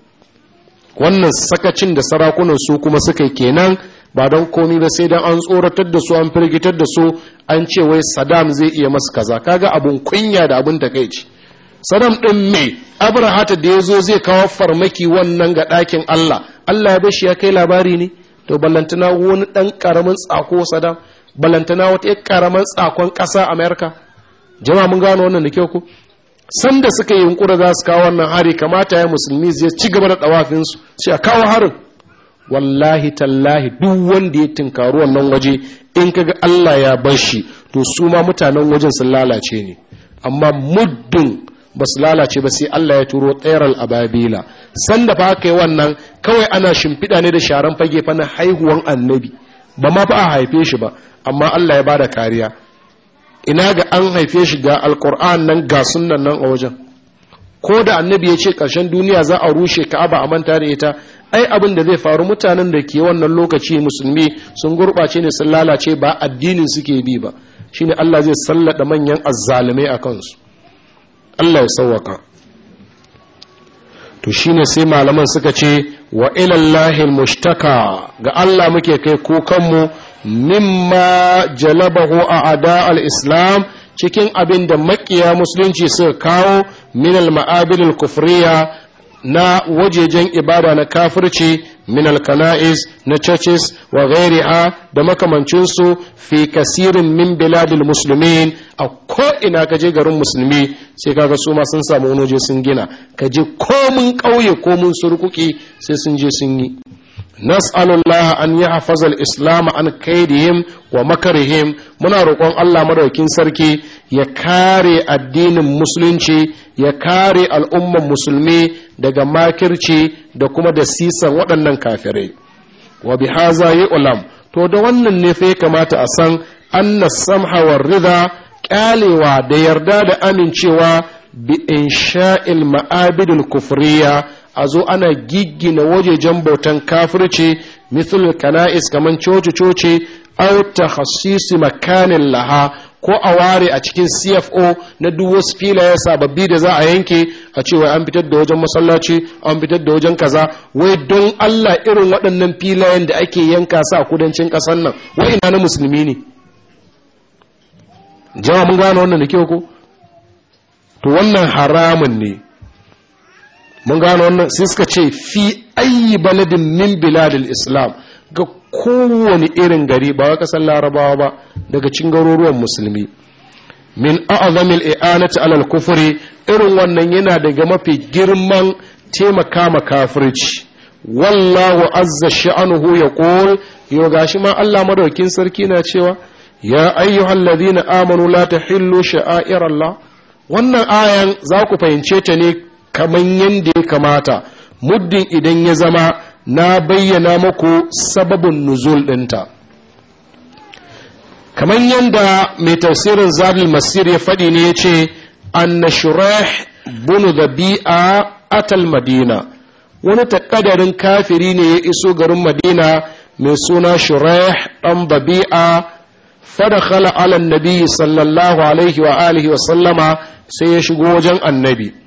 wannan sakacin da sarakunan su kuma suka yi kenan ba don komi ba sai dan an tsoratar da su an firgitar da su an ce wai Sadam zai iya masu kaza kaga abun kunya da abun takaici Sadam din me abrahata da ya zo zai kawo farmaki wannan ga ɗakin allah Allah ya bashi ya kai labari ne to ballantana wani dan karamin tsako sadam ballantana wata yar karamin tsakon ƙasa america jama'a mun gano wannan da kyau ko sanda suka yi yunkura za su kawo wannan hari kamata ya musulmi zai ci gaba da dawafin su sai a kawo harin wallahi tallahi duk wanda ya tinkaru wannan waje in kaga Allah ya bar shi to su ma mutanen wajen sun lalace ne amma muddin ba su lalace ba sai Allah ya turo tsayar ababila sanda fa aka yi wannan kawai ana shimfiɗa ne da sharan fage fa na haihuwan annabi ba ma fa a haife shi ba amma Allah ya bada kariya ina ga an haife shi ga alkur'an nan ga sunnan nan a wajen ko da annabi ya ce ƙarshen duniya za a rushe ka'aba a manta da ita ai abin da zai faru mutanen da ke wannan lokaci musulmi sun gurɓace ne sun lalace ba addinin suke bi ba shine Allah zai sallada manyan azzalumai a kansu Allah ya sawwaka to shine sai malaman suka ce wa ilallahi mushtaka ga Allah muke kai kukanmu mimma jalabahu a ada al-islam cikin abin da makiya musulunci suka kawo min al-ma'abil na wajejen ibada na kafirci min alkana'is na churches wa ghairiha da makamancinsu fi kasirin min biladil muslimin a ko'ina ka je garin musulmi sai kaga su sun samu wani sun gina ka je komin ƙauye komin surkuki sai sun je sun yi nas'alullah an yahfaza al islama an kaidihim wa makarihim muna roƙon Allah madaukin sarki ya kare addinin musulunci ya kare al'umman musulmi daga makirci da kuma da sisan waɗannan kafirai wa bihaza yi ulam to da wannan ne fa kamata a san anna samha war ridha ƙyalewa da yarda da amincewa bi insha'il ma'abidul kufriya a zo ana giggina wajejen bautan kafirci mithil kana'is kamar coci-coci au takhassisi makanin laha ko a ware a cikin CFO na duk wasu filaye sababbi da za a yanke a cewa an fitar da wajen masallaci an fitar da wajen kaza wai don Allah irin waɗannan filayen da ake yanka sa kudancin ƙasar nan wai ina na musulmi ne jama mun gane wannan da kyau ko to wannan haramun ne mun gano wannan sai suka ce fi ayi baladin min biladil islam ga kowane irin gari ba wa kasar larabawa ba daga cin garuruwan musulmi min a'azamil i'anati alal kufri irin wannan yana daga mafi girman taimaka ma kafirci wallahu azza sha'anuhu yaqul yo gashi ma Allah madaukin sarki na cewa ya Ladina amanu la tahillu sha'airallah wannan ayan za ku fahimce ta ne kamar yadda ya kamata muddin idan ya zama na bayyana muku sababin nuzul ɗinta kamar yadda mai tafsirin zabi masir ya faɗi ne ya ce annashirah bunu a atal madina wani takadarin kafiri ne ya iso garin madina mai suna shirah ɗan babi'a fadakhala ala nabi sallallahu alaihi wa alihi wa sallama sai ya shigo wajen annabi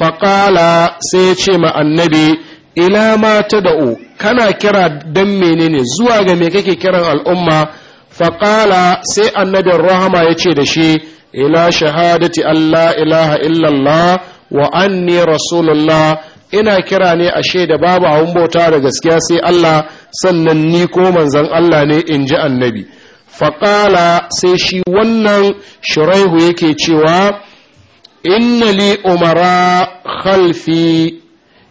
faƙala sai ce ma annabi ila ma ta da'o kana kira dan menene zuwa ga me kake kiran al'umma faƙala sai annabin rahama ya ce da shi ila shahadati Allah ilaha illallah wa anni rasulullah ina kira ne ashe da babu abun bauta da gaskiya sai Allah sannan ni ko manzon Allah ne in ji annabi faƙala sai shi wannan shiraihu yake cewa innali umara khalfi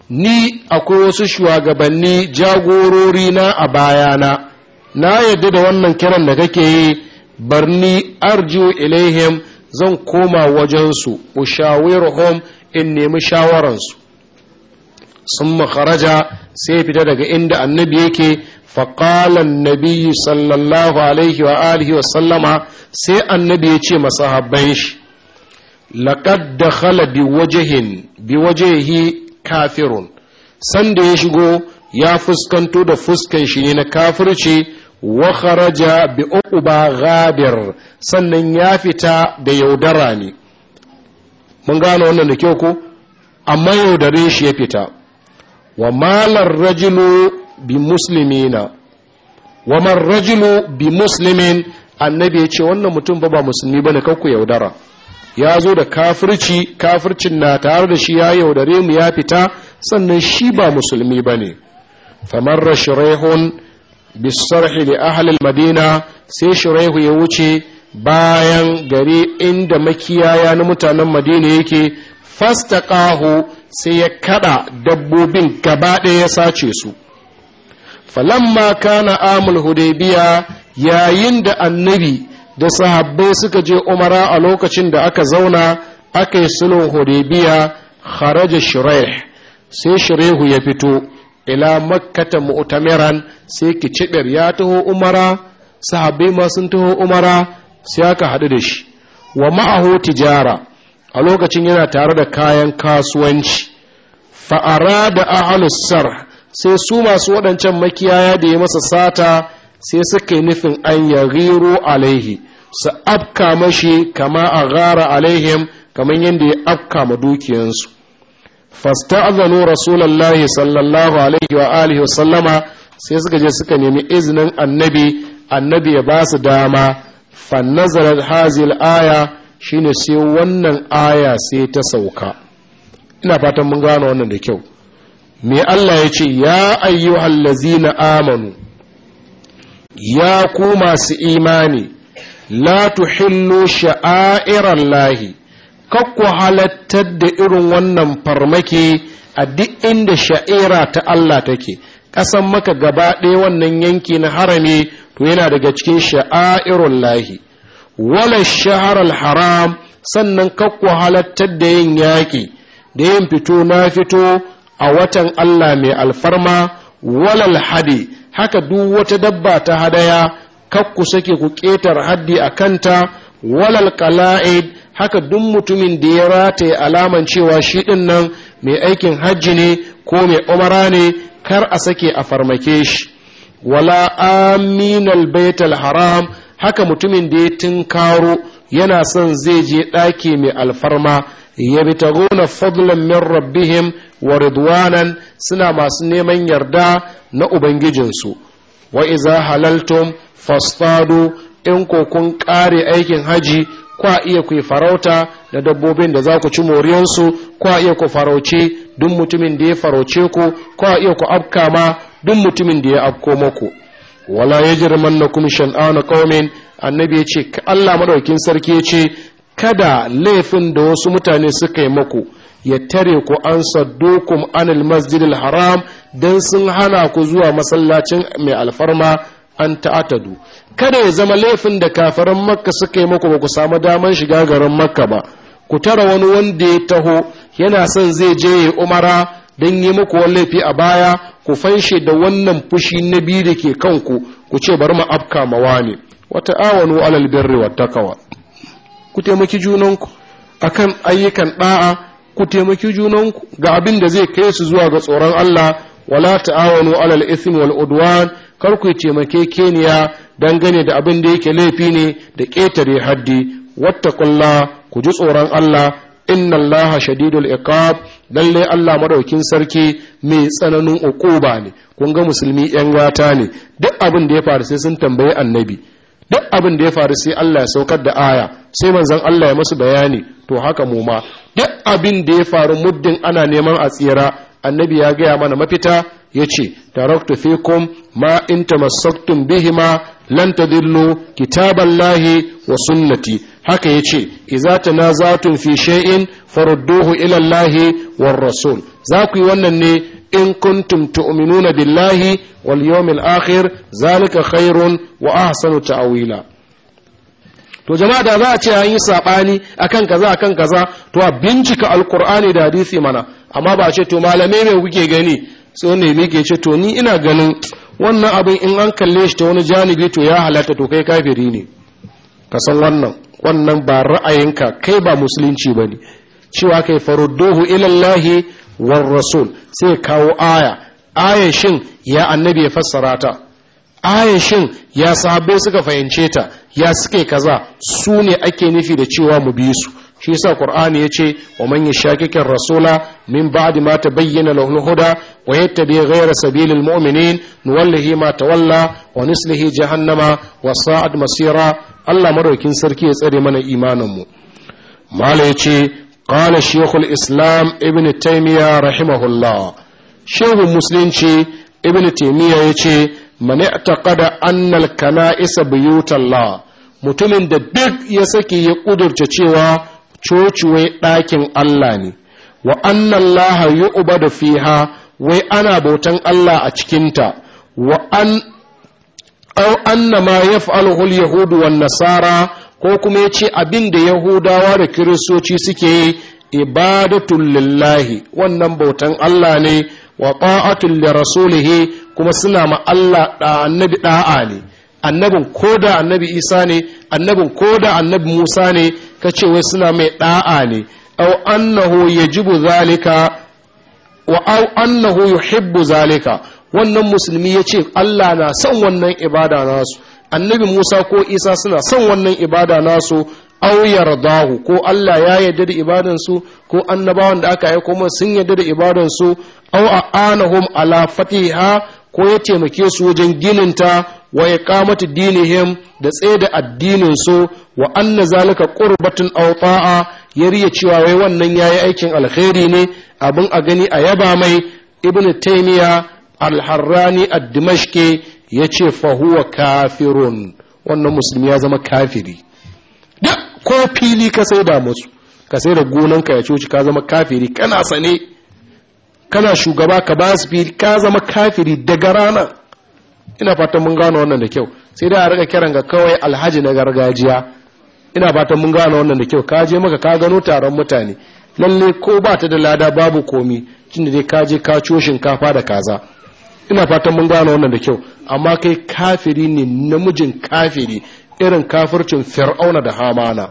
ni akwai wasu shugabanni jagorori na a bayana na yadda da wannan kiran da kake yi barni arju ilaihim zan koma wajensu ushawiruhum in nemi shawararsu sun makaraja sai fita daga inda annabi yake faƙalan nabi sallallahu alaihi wa alihi wa sallama sai annabi ya ce masahabban shi laqad da biwajhin biwajhihi kafirun sanda ya shigo ya fuskanto da fuskan shi ne na kafirci wa kharaja bi uquba ghadir sannan ya fita da yaudara ne mun gano wannan da kyau ko amma yaudare shi ya fita wa malar rajulu bi muslimina wa man rajulu bi muslimin annabi ya ce wannan mutum ba ba musulmi bane kanku yaudara ya zo da kafirci kafircin na tare da shi ya yaudare mu ya fita sannan shi ba musulmi ba ne famarra shirehun bisarhi da ahalil madina sai shirehu ya wuce bayan gari inda makiyaya na mutanen madina yake fastaqahu sai ya kada dabbobin gaba ɗaya ya sace su falamma kana amul hudaybiya yayin da annabi da sahabbai suka je umara a lokacin da aka zauna aka yi sulhun hudaybiya kharaja shiraih sai shiraihu ya fito ila makkata mu'tamiran sai kicibir ya taho umara sahabbai ma sun taho umara sai aka haɗu da shi wa ma'ahu tijara a lokacin yana tare da kayan kasuwanci fa'ara da sar sai su masu waɗancan makiyaya da ya masa sata sai suka yi nufin an yaghiru alaihi su afka mashi kama a gara alaihim kamar yadda ya afka ma dukiyansu fasta'azanu rasulullahi sallallahu alaihi wa alihi wa sallama sai suka je suka nemi izinin annabi annabi ya ba su dama fannazarar hazil aya shine sai wannan aya sai ta sauka ina fatan mun gano wannan da kyau me Allah ya ce ya ayyuhallazina amanu ya ku masu imani la tuhillu sha'airan lahi kakku halattar da irin wannan farmaki a duk inda sha'ira ta Allah take ƙasan maka gaba ɗaya wannan yanki na harami to yana daga cikin sha'airun lahi wala shaharar haram sannan kakku halattar da yin yaƙi da yin fito na fito a watan Allah mai alfarma walal hadi haka duk wata dabba ta hadaya kar ku sake ku ƙetar haddi a kanta walal qala'id haka duk mutumin da ya rataye alaman cewa shi din nan mai aikin hajji ne ko mai umara ne kar a sake a farmake shi wala aminal baital haram haka mutumin da ya tinkaro yana son zai je ɗaki mai alfarma yabtaguna fadlan min rabbihim wa ridwanan suna masu neman yarda na ubangijinsu wa iza halaltum fastadu in ko kun kare aikin haji kwa iya ku farauta da dabbobin da za ku ci moriyansu kwa iya ku farauce duk mutumin da ya farauce ku kwa iya ku afka ma duk mutumin da ya afko muku wala yajrimannakum shan'anu qaumin annabi yace Allah madaukin sarki yace kada laifin da wasu mutane suka yi maku ya tare ku an saddokum anil masjidil haram don sun hana ku zuwa masallacin mai alfarma an ta'atadu kada ya zama laifin da kafarin makka suka yi maku ba ku samu daman shiga garin makka ba ku tara wani wanda ya taho yana son zai je ya umara don yi muku wani laifi a baya ku fanshe da wannan fushi na biyu da ke kanku ku ce bari mu afka mawa ne wata awanu alal birri wa takawa ku taimaki junanku akan ayyukan ɗa'a ku taimaki junanku ga abin da zai kai su zuwa ga tsoron Allah wala ta'awanu alal ismi wal udwan kar ku taimake keniya dangane da abin da yake laifi ne da ƙetare haddi wattaqulla ku ji tsoron Allah inna Allah shadidul iqab lalle Allah madaukin sarki mai tsananin uquba ne kun ga musulmi yan gata ne duk abin da ya faru sai sun tambayi annabi duk abin da ya faru sai Allah ya saukar da aya sai manzan Allah ya masu bayani to haka mu ma duk abin da ya faru muddin ana neman a tsira annabi ya gaya mana mafita ya ce taraktu fikum ma in tamassaktum bihima lan tadillu kitaballahi wa sunnati haka ya ce iza tanazatun fi shay'in farudduhu ila allahi war rasul za ku yi wannan ne in kuntum tu'minuna billahi wal yawmil akhir zalika khairun wa ahsanu ta'wila to jama'a da za a ce an yi saɓani akan kaza akan kaza to a bincika alkur'ani da hadisi mana amma ba a ce to malamai mai kuke gani sai wanda ya ke ce to ni ina ganin wannan abin in an kalle shi ta wani janibi to ya halatta to kai kafiri ne ka san wannan wannan ba ra'ayinka kai ba musulunci ba ne cewa kai farudduhu ilallahi war rasul sai kawo aya Aya shin ya annabi ya fassara ta ayashin ya sahabbai suka fahimce ta ya suke kaza su ne ake nufi da cewa mu bi su shi yasa ya ce wa man yashaqiqir rasula min ba'di ma tabayyana lahu huda wa yattabi ghayra sabilil mu'minin nuwallihi ma tawalla wa nuslihi jihannama wa sa'ad masira Allah madaukin sarki ya tsare mana imanin mu mala yace qala shaykhul islam ibn taymiya rahimahullah shehu musulunci ibn taymiya yace man i'taqada anna al-kana'isa buyutallah mutumin da duk ya sake ya kudurta cewa coci wai ɗakin Allah ne wa anna Allah yu'badu fiha wai ana bautan Allah a cikinta wa an aw anna ma yaf'aluhu al-yahud nasara ko kuma yace abin da yahudawa da kiristoci suke ibadatul lillahi wannan bautan Allah ne wa ta'atul li rasulihi kuma suna ma Allah da annabi da ne annabin koda annabi Isa ne annabin koda annabi Musa ne kace wai suna mai da'a ne aw annahu yajibu zalika wa aw annahu yuhibbu zalika wannan musulmi yace Allah na son wannan ibada nasu annabi Musa ko Isa suna son wannan ibada nasu aw yardahu ko Allah ya yarda da ibadan su ko annabawan da aka aika kuma sun yarda da ibadan su ana aanahum ala fatiha ko ya taimake su wajen gininta wa iqamati dinihim da tsaida addinin su wa anna zalika qurbatun aw ta'a yariya cewa wai wannan yayi aikin alkhairi ne abin a gani a yaba mai ibnu taymiya al-harrani ad-dimashqi yace fa huwa kafirun wannan musulmi ya zama kafiri ko fili ka sai da musu ka sai da gonanka ya coci ka zama kafiri kana sane kana shugaba ka ba su fili ka zama kafiri daga rana ina fatan mun gano wannan da kyau sai da a rika kiran ga kawai alhaji na gargajiya ina fatan mun gano wannan da kyau ka je maka ka gano taron mutane lalle ko ba ta da lada babu komi tunda dai ka je ka ciyo shinkafa da kaza ina fatan mun gano wannan da kyau amma kai kafiri ne namijin kafiri irin kafircin fir'auna da hamana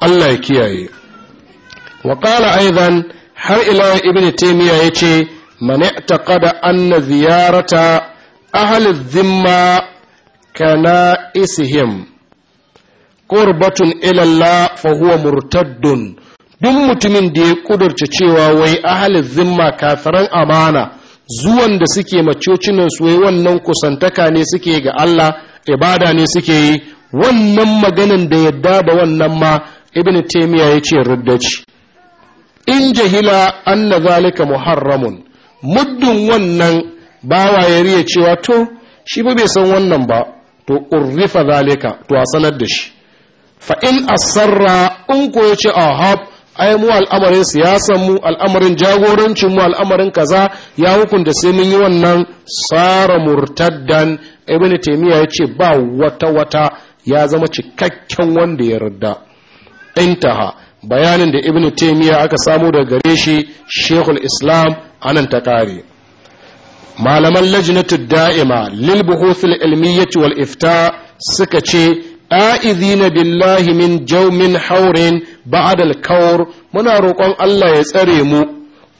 Allah ya kiyaye wa qala aidan har ila ibnu taymiya yace man i'taqada anna ziyarata ahli dhimma kana isihim qurbatun ila Allah fa huwa murtaddun duk mutumin da ya kudurce cewa wai ahli zimma kafiran amana zuwan da suke macocinan wai wannan kusantaka ne suke ga Allah ibada ne suke yi wannan maganin da yadda da wannan ma ibn taymiya yace ruddaci in jahila anna zalika muharramun muddin wannan bawa ya riya cewa to shi ba bai san wannan ba to urrifa zalika to a sanar da shi fa in asarra in ko yace ahab ai mu al'amarin siyasan mu al'amarin jagorancin mu al'amarin kaza ya hukunta sai mun yi wannan sara murtaddan ibn taymiya yace ba wata wata ya zama cikakken wanda ya rudda intaha bayanin da ibn taymiya aka samu daga gare shi shekul islam anan ta kare malaman lajnatud da'ima lil buhuthil ilmiyyati wal ifta suka ce a'idhina billahi min jawmin haurin ba'da al kaur muna roƙon Allah ya tsare mu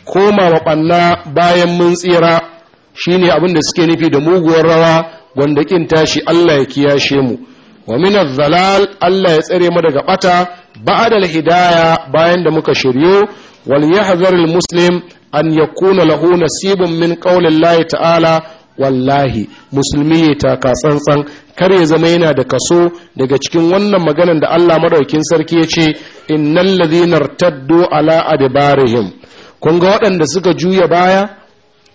koma wa bayan mun tsira shine abin da suke nufi da muguwar rawa gwanda kin tashi Allah ya kiyashe mu wa min zalal Allah ya tsare mu daga bata ba'da al bayan da muka shiryo wal yahzar muslim an yakuna lahu nasibun min qawli Allah ta'ala wallahi musulmi ya taka tsantsan kar ya zama yana da kaso daga cikin wannan maganar da Allah madaukin sarki ya ce innal ladhina irtaddu ala adbarihim kun ga waɗanda suka juya baya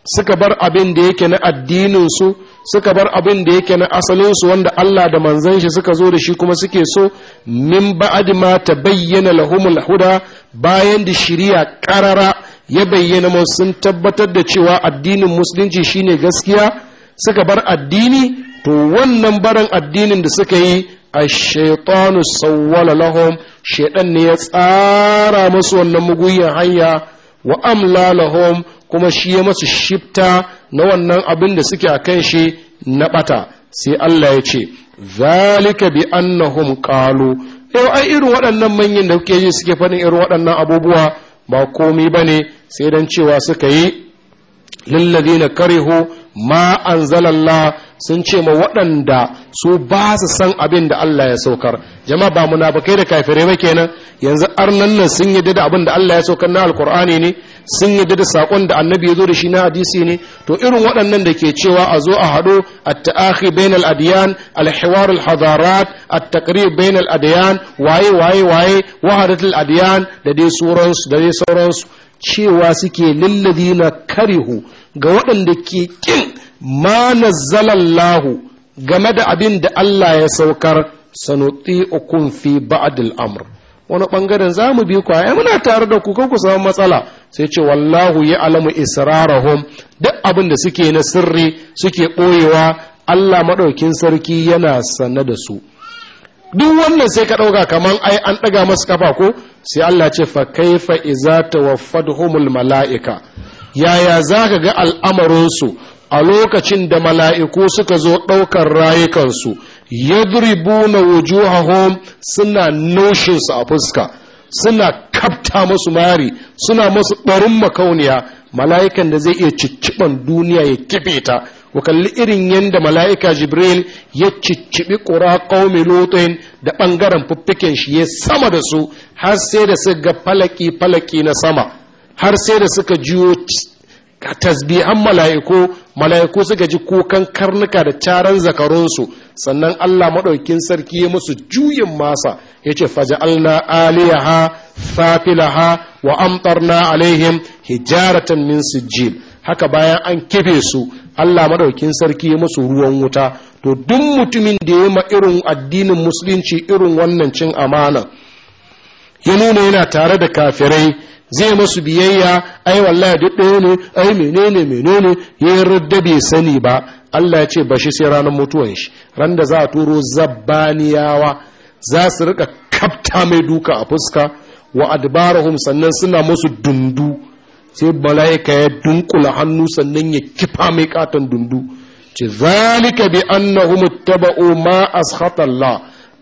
suka bar abin da yake na addininsu suka bar abin da yake na asalinsu wanda Allah da manzan shi suka zo da shi kuma suke so min ba'ad ma ta bayyana lahumul huda bayan da shiriya karara ya bayyana mu sun tabbatar da cewa addinin musulunci shine gaskiya suka bar addini to wannan barin addinin da suka yi ash-shaytanu sawwala lahum shaytan ne ya tsara musu wannan muguyan hanya wa amla lahum kuma shi ya masu shifta na wannan abin da suke a kan shi na bata sai Allah ya ce zalika bi annahum qalu eh ai irin waɗannan manyan da kuke ji suke faɗin irin waɗannan abubuwa ba komai bane sai dan cewa suka yi lillazina karihu ma anzalallahu sun ce ma waɗanda su ba su san abin da Allah ya saukar jama'a ba munafikai da kafirai ba kenan yanzu arnan nan sun yi da abin da Allah ya saukar na alkur'ani ne sun yi da sakon da annabi ya zo da shi na hadisi ne to irin waɗannan da ke cewa a zo a haɗo a taakhi bain al-adyan al-hiwar al-hadarat at-taqrib bain al-adyan waye waye waye wahadat al-adyan da dai sauransu da dai sauransu cewa suke lilladina karihu ga waɗanda ke kin ma nazzalallahu game da abin da Allah ya saukar sanuti ukun fi ba'dil amr wani bangaren za mu bi ku ai muna tare da ku ku samu matsala sai ce wallahu ya alamu israrahum duk abin da suke na sirri suke boyewa Allah madaukin sarki yana sanne da su duk wannan sai ka dauka kaman ai an daga masu kafa ko sai Allah ce fa kaifa iza tawaffadhumul malaika yaya zaka ga al'amarin su a lokacin da mala'iku suka zo ɗaukar rayukansu ya duribu na home suna noshinsu a fuska suna kafta masu mari suna masu ɓarin makauniya mala'ikan da zai iya cicciɓan duniya ya kife ta ku kalli irin yadda mala'ika jibril ya cicciɓi ƙura ƙaumi lotin da ɓangaren fuffuken shi ya sama da su har sai da suka ga falaki falaki na sama har sai da suka jiyo tasbihan mala'iku mala'iku suka ji kukan karnuka da caran zakarunsu sannan Allah maɗaukin sarki ya musu juyin masa ya ce faja'alna aliyaha fafilaha wa amtarna alaihim hijaratan min sijil haka bayan an kefe su Allah maɗaukin sarki ya musu ruwan wuta to duk mutumin da ya ma irin addinin musulunci irin wannan cin amana ya nuna yana tare da kafirai zai masu biyayya ai wallahi duk ɗaya ne ai menene menene ya rudda bai sani ba Allah ya ce bashi sai ranar mutuwan shi ran da za a turo zabbaniyawa za su rika kafta mai duka a fuska wa adbarahum sannan suna musu dundu sai malaika ya dunkula hannu sannan ya kifa mai katon dundu ce zalika bi annahum ittaba'u ma ashatallah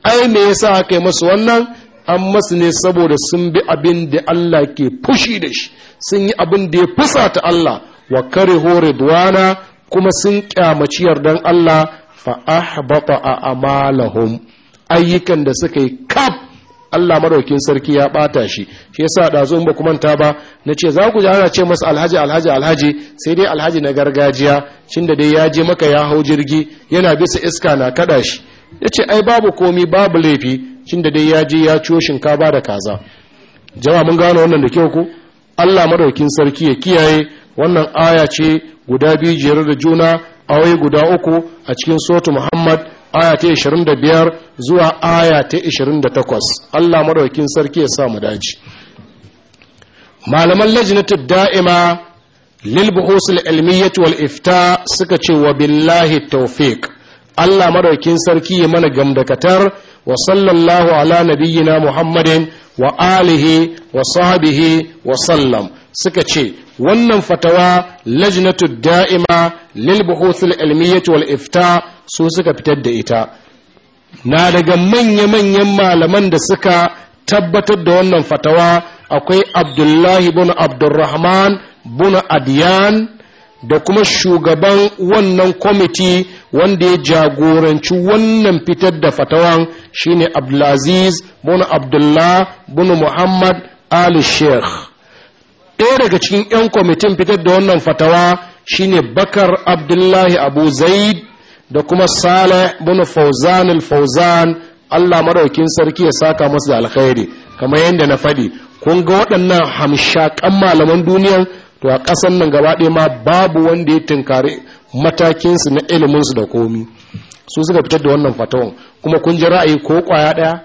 ai me yasa aka yi masu wannan an masu ne saboda sun bi abin da Allah ke fushi da shi sun yi abin da ya fusa ta Allah wa kare hore duwana kuma sun kyamaci yardan Allah fa ahbata a amalahum ayyukan da suka yi kaf Allah maraukin sarki ya bata shi shi yasa da zo ba kuma ta ba Na ce za ku ji ana ce masa alhaji alhaji alhaji sai dai alhaji na gargajiya cin da dai ya je maka ya hau jirgi yana bisa iska na kada shi Ya ce ai babu komi babu laifi cin da dai ya je ya ciyo shinkafa da kaza Jama mun gano wannan da kyau ko Allah madaukin sarki ya kiyaye wannan aya ce guda biyu jere da juna A wai guda uku a cikin sotu Muhammad aya ta 25 zuwa aya ta 28 Allah madaukin sarki ya sa mu dace malaman lajnatu da'ima lil buhusul ilmiyyah wal ifta suka ce wa billahi tawfiq Allah madaukin sarki ya mana gamdakatar wa sallallahu ala nabiyyina muhammadin wa alihi wa sahbihi wa sallam suka ce wannan fatawa lajnatu da'ima lil buhuthil ilmiyyah wal ifta su suka fitar da ita na daga manya-manyan malaman da suka tabbatar da wannan fatawa akwai abdullahi bin abdurrahman bin adiyan da kuma shugaban wannan kwamiti wanda ya jagoranci wannan fitar da fatawan shine abdulaziz bin abdullah bin muhammad ali sheikh ɗaya daga cikin 'yan kwamitin fitar da wannan fatawa shine bakar abdullahi abu zaid da kuma saleh bin fauzan al-fauzan allah maraukin sarki ya saka masu da alkhairi kamar yadda na faɗi kun ga waɗannan hamshaƙan malaman duniyan to a ƙasan nan gaba ɗaya ma babu wanda ya tunkari matakinsu na iliminsu da komi su suka fitar da wannan fatawan kuma kun ji ra'ayi ko ƙwaya ɗaya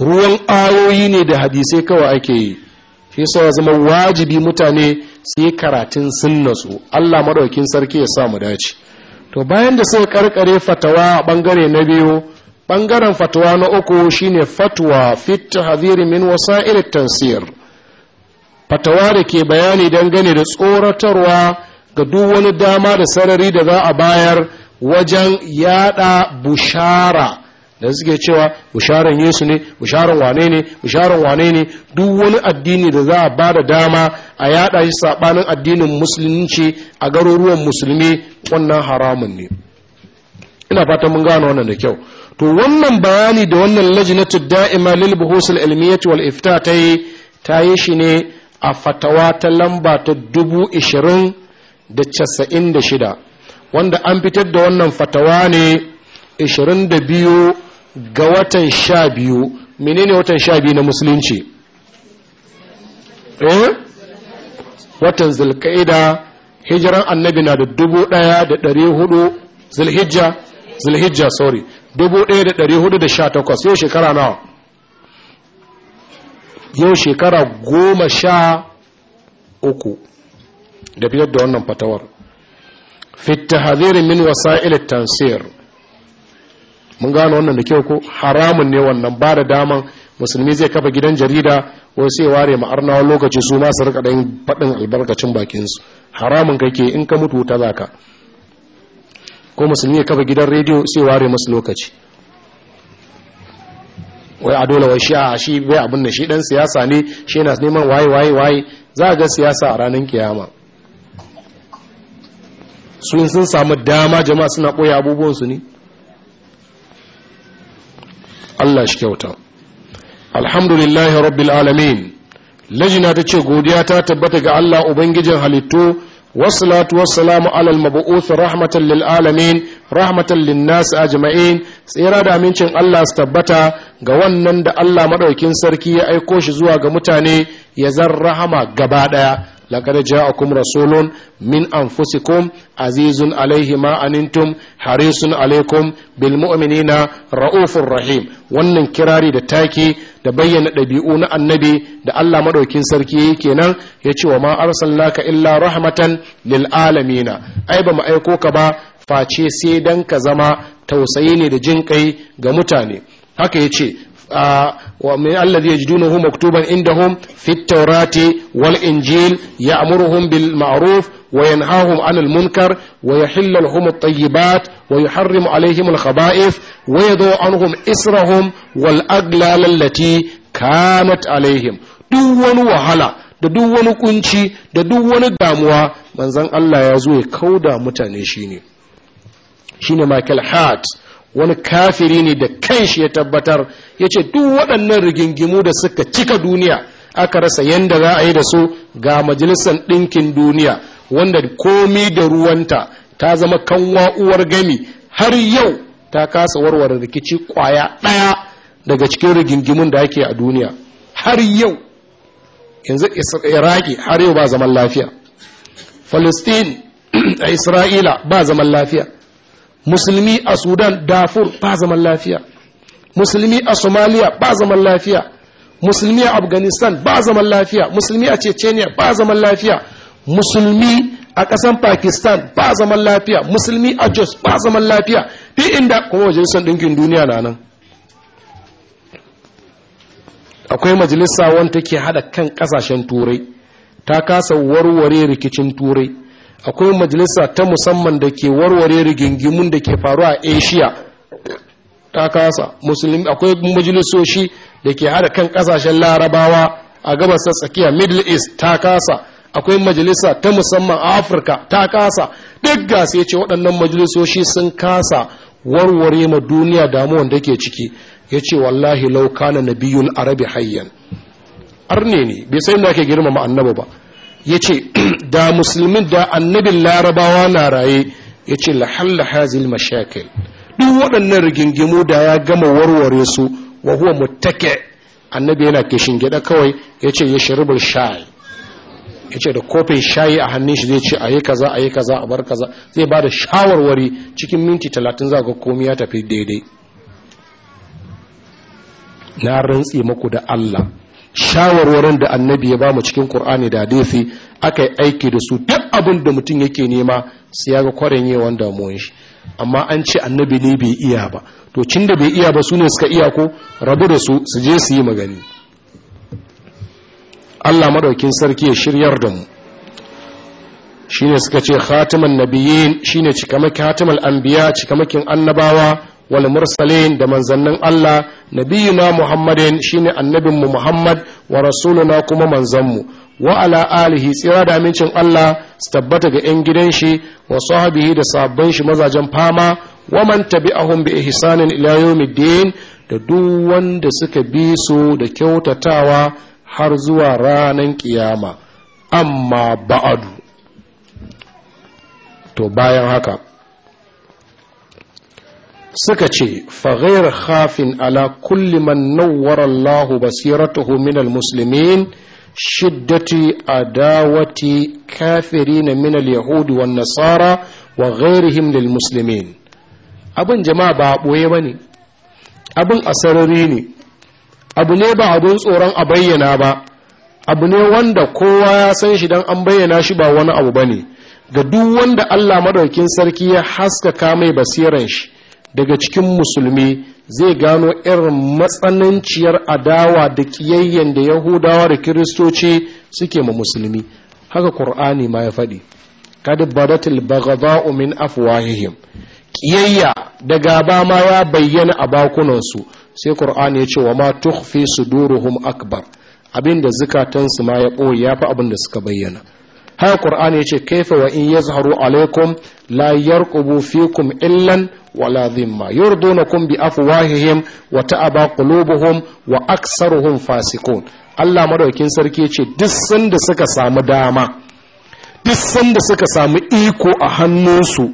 ruwan ayoyi ne da hadisai kawai ake yi shi ya zama wajibi mutane su yi karatun su allah maɗaukin sarki ya sa mu dace to bayan da suka karkare fatawa a ɓangare na biyu ɓangaren fatawa na uku shine fatwa fit hadiri min wasa'ir tansir fatawa da ke bayani dangane da tsoratarwa ga duk wani dama da sarari da za a bayar wajen yada bushara da suke cewa bisharan yesu ne bisharan wane ne bisharan wane ne duk wani addini da za a ba da dama a yada shi sabanin addinin musulunci a garuruwan musulmi wannan haramun ne ina fata mun gano wannan da kyau to wannan bayani da wannan lajnatu da'ima lil buhusul ilmiyyah wal ifta ta yi ta yi shi ne a fatawa ta lamba ta dubu ishirin da casa'in da shida wanda an fitar da wannan fatawa ne ishirin da biyu ga watan sha biyu menene watan sha biyu na musulunci eh watan zulka'ida hijiran annabi na da dubu ɗaya da ɗari hudu zulhijja zulhijja sorry dubu ɗaya da ɗari hudu da sha takwas yau shekara nawa yau shekara goma sha uku da biyar da wannan fatawar fitta hadirin min wasa'ilit tansir mun gano wannan da kyau ko haramun ne wannan ba da daman musulmi zai kafa gidan jarida ko sai ware ma'arnawa lokaci su masu su rika ɗan faɗin albarkacin bakinsu haramun kake in ka mutu ta zaka ko musulmi ya kafa gidan rediyo sai ware masu lokaci wai a dole wai shi a shi bai abin da shi dan siyasa ne shi yana neman waye waye waye za ga siyasa a ranar kiyama su sun samu dama jama'a suna koya abubuwan su ne Allah shi kyauta alhamdulillahi rabbil alamin lajina ta ce godiya ta tabbata ga Allah ubangijin halittu wasalatu wasalamu alal mabu'uth rahmatan lil alamin rahmatan lin nas ajma'in tsira da amincin Allah su tabbata ga wannan da Allah madaukin sarki ya aiko shi zuwa ga mutane ya zar rahama gaba daya laqad ja'akum rasulun min anfusikum azizun alaihi ma harisun alaikum bil mu'minina raufur rahim wannan kirari da take da bayyana ɗabi'u na annabi da Allah maɗaukin sarki yake kenan ya ce wa ma arsalnaka illa rahmatan lil alamina ai ba mu aiko ka ba face sai dan ka zama tausayi ne da jin kai ga mutane haka ya ce wa min alladhi yajidunahu maktuban indahum fit tawrati wal injil ya'muruhum bil ma'ruf وينهاهم عن المنكر ويحل لهم الطيبات ويحرم عليهم الخبائث ويضع عنهم إسرهم والأغلال التي كانت عليهم دون وهلا da duk wani kunci da duk wani damuwa manzon Allah ya zo ya kauda mutane shine shine Michael Hart wani kafiri ne da kan shi ya tabbatar ya ce duk waɗannan rigingimu da suka cika duniya aka rasa yadda za a yi da su ga majalisar ɗinkin duniya wanda komi da ruwanta ta zama kanwa uwar gami har yau ta kasa warware rikici kwaya ɗaya daga cikin rigingimun da ake a duniya har yau yanzu iraki har yau ba zaman lafiya <clears throat> a isra'ila ba zaman lafiya musulmi a sudan dafur ba zaman lafiya musulmi a somaliya ba zaman lafiya musulmi a afghanistan ba zaman lafiya musulmi a chechenia ba zaman lafiya musulmi a kasan pakistan ba zaman lafiya musulmi a jos ba zaman lafiya duk inda kuma majalisar ɗinkin duniya na nan akwai majalisa wanda take hada kan ƙasashen turai ta kasa warware rikicin turai akwai majalisa ta musamman da ke warware rigingimun da ke faru a asia ta kasa musulmi akwai majalisoshi da ke hada kan kasashen larabawa a gabas ta tsakiya middle east ta kasa akwai majalisa ta musamman a afirka ta kasa duk ga sai ce waɗannan majalisoshi sun kasa warware ma duniya damuwan da ke ciki ya ce wallahi laukana na biyun arabi hayyan arne ne bai sai da ake girmama annaba ba ya ce <clears throat> da musulmin da annabin larabawa na raye ya ce lahalla hazil mashakil duk waɗannan rigingimu da ya gama warware su wa huwa mutake annabi yana kishin shingida kawai ya ce ya shirbar shayi ya ce da kofin shayi a hannun shi zai ce a yi kaza a yi kaza a bar kaza zai ba da shawarwari cikin minti talatin za ga komi ya tafi daidai na rantse maku da allah shawarwarin da annabi ya ba mu cikin Kur'ani da hadisi aka yi aiki da su duk abin da mutum yake nema sai ya ga kwaren yawan damuwan shi amma an ce annabi ne bai iya ba to cin da bai iya ba su ne suka iya ko rabu da su su je su yi magani Allah madaukin sarki ya shiryar da mu shine suka ce khatiman nabiyyin shine cikamakin khatimal anbiya cikamakin annabawa wal mursalin da manzannin Allah nabiyina Muhammadin shine mu Muhammad wa rasuluna kuma manzanmu wa ala alihi tsira da amincin Allah su tabbata ga 'yan gidan shi wa sahabihi da sabbin shi mazajen fama wa man a bi ihsanin ila yawmiddin da duk wanda suka bi su da kyautatawa har zuwa ranar kiyama amma ba'adu to bayan haka suka ce faghair khafin ala kulli man nawwara Allah basiratuhu min almuslimin shiddati adawati kafirin min alyahudi wan nasara wa ghairihim lilmuslimin abin jama'a ba boye bane abin asarari ne abu ne ba abin tsoron a bayyana ba abu ne wanda kowa ya san shi dan an bayyana shi ba wani abu bane ga duk wanda Allah madaukin sarki ya haskaka mai basiran shi daga cikin musulmi zai gano irin matsananciyar adawa da kiyayyen da yahudawa da kiristoci suke ma musulmi haka ƙur'ani ma ya faɗi kad badatil min afwahihim ƙiyayya da gaba ma ya bayyana a bakunansu sai ƙur'ani ya ce wa ma tukhfi suduruhum akbar da zukatansu ma ya ɓoye ya fi abin da suka bayyana haka ƙur'ani ya ce kaifa wa in yazharu alaikum la yarqubu fikum illan wala dhimma yurdunakum bi afwahihim wa ta'aba qulubuhum wa aktsaruhum fasikun Allah madaukin sarki yace duk sanda suka samu dama duk sanda suka samu iko a hannunsu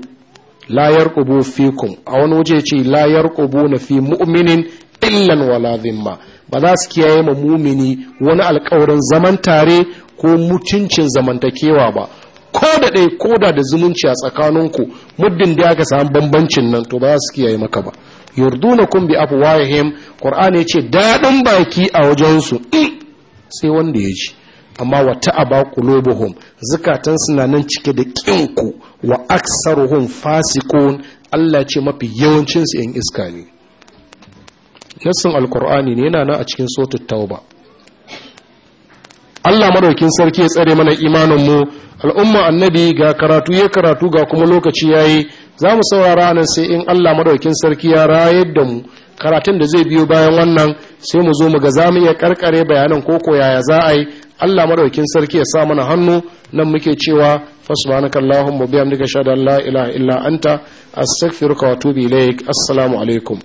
la yarqubu fikum a wani waje yace la yarqubuna fi mu'minin illan wala dhimma ba za su kiyaye ma mumini wani alƙawarin zaman tare ko mutuncin zamantakewa ba ko da ɗai ko da da zumunci a tsakaninku muddin da aka samu bambancin nan to ba za su kiyaye maka ba yurduna kun bi Ƙur'ani qur'ani ce daɗin baki a wajen su sai wanda ya ji amma wa ta'aba qulubuhum zukatan suna nan cike da kinku wa aksaruhum fasiqun Allah ce mafi yawancinsu yan iska ne nassin alqur'ani ne yana nan a cikin suratul tauba Allah maɗaukin sarki ya tsare mana imaninmu al'umma annabi ga karatu ya karatu ga kuma lokaci yayi za mu saurara nan sai in Allah maɗaukin sarki ya rayar da mu karatun da zai biyo bayan wannan sai mu zo mu ga za mu iya karkare bayanan koko yaya za a yi Allah maɗaukin sarki ya sa mana hannu nan muke cewa fa mu allahumma bihamdika shada la ilaha illa anta astaghfiruka wa atubu ilaik assalamu alaikum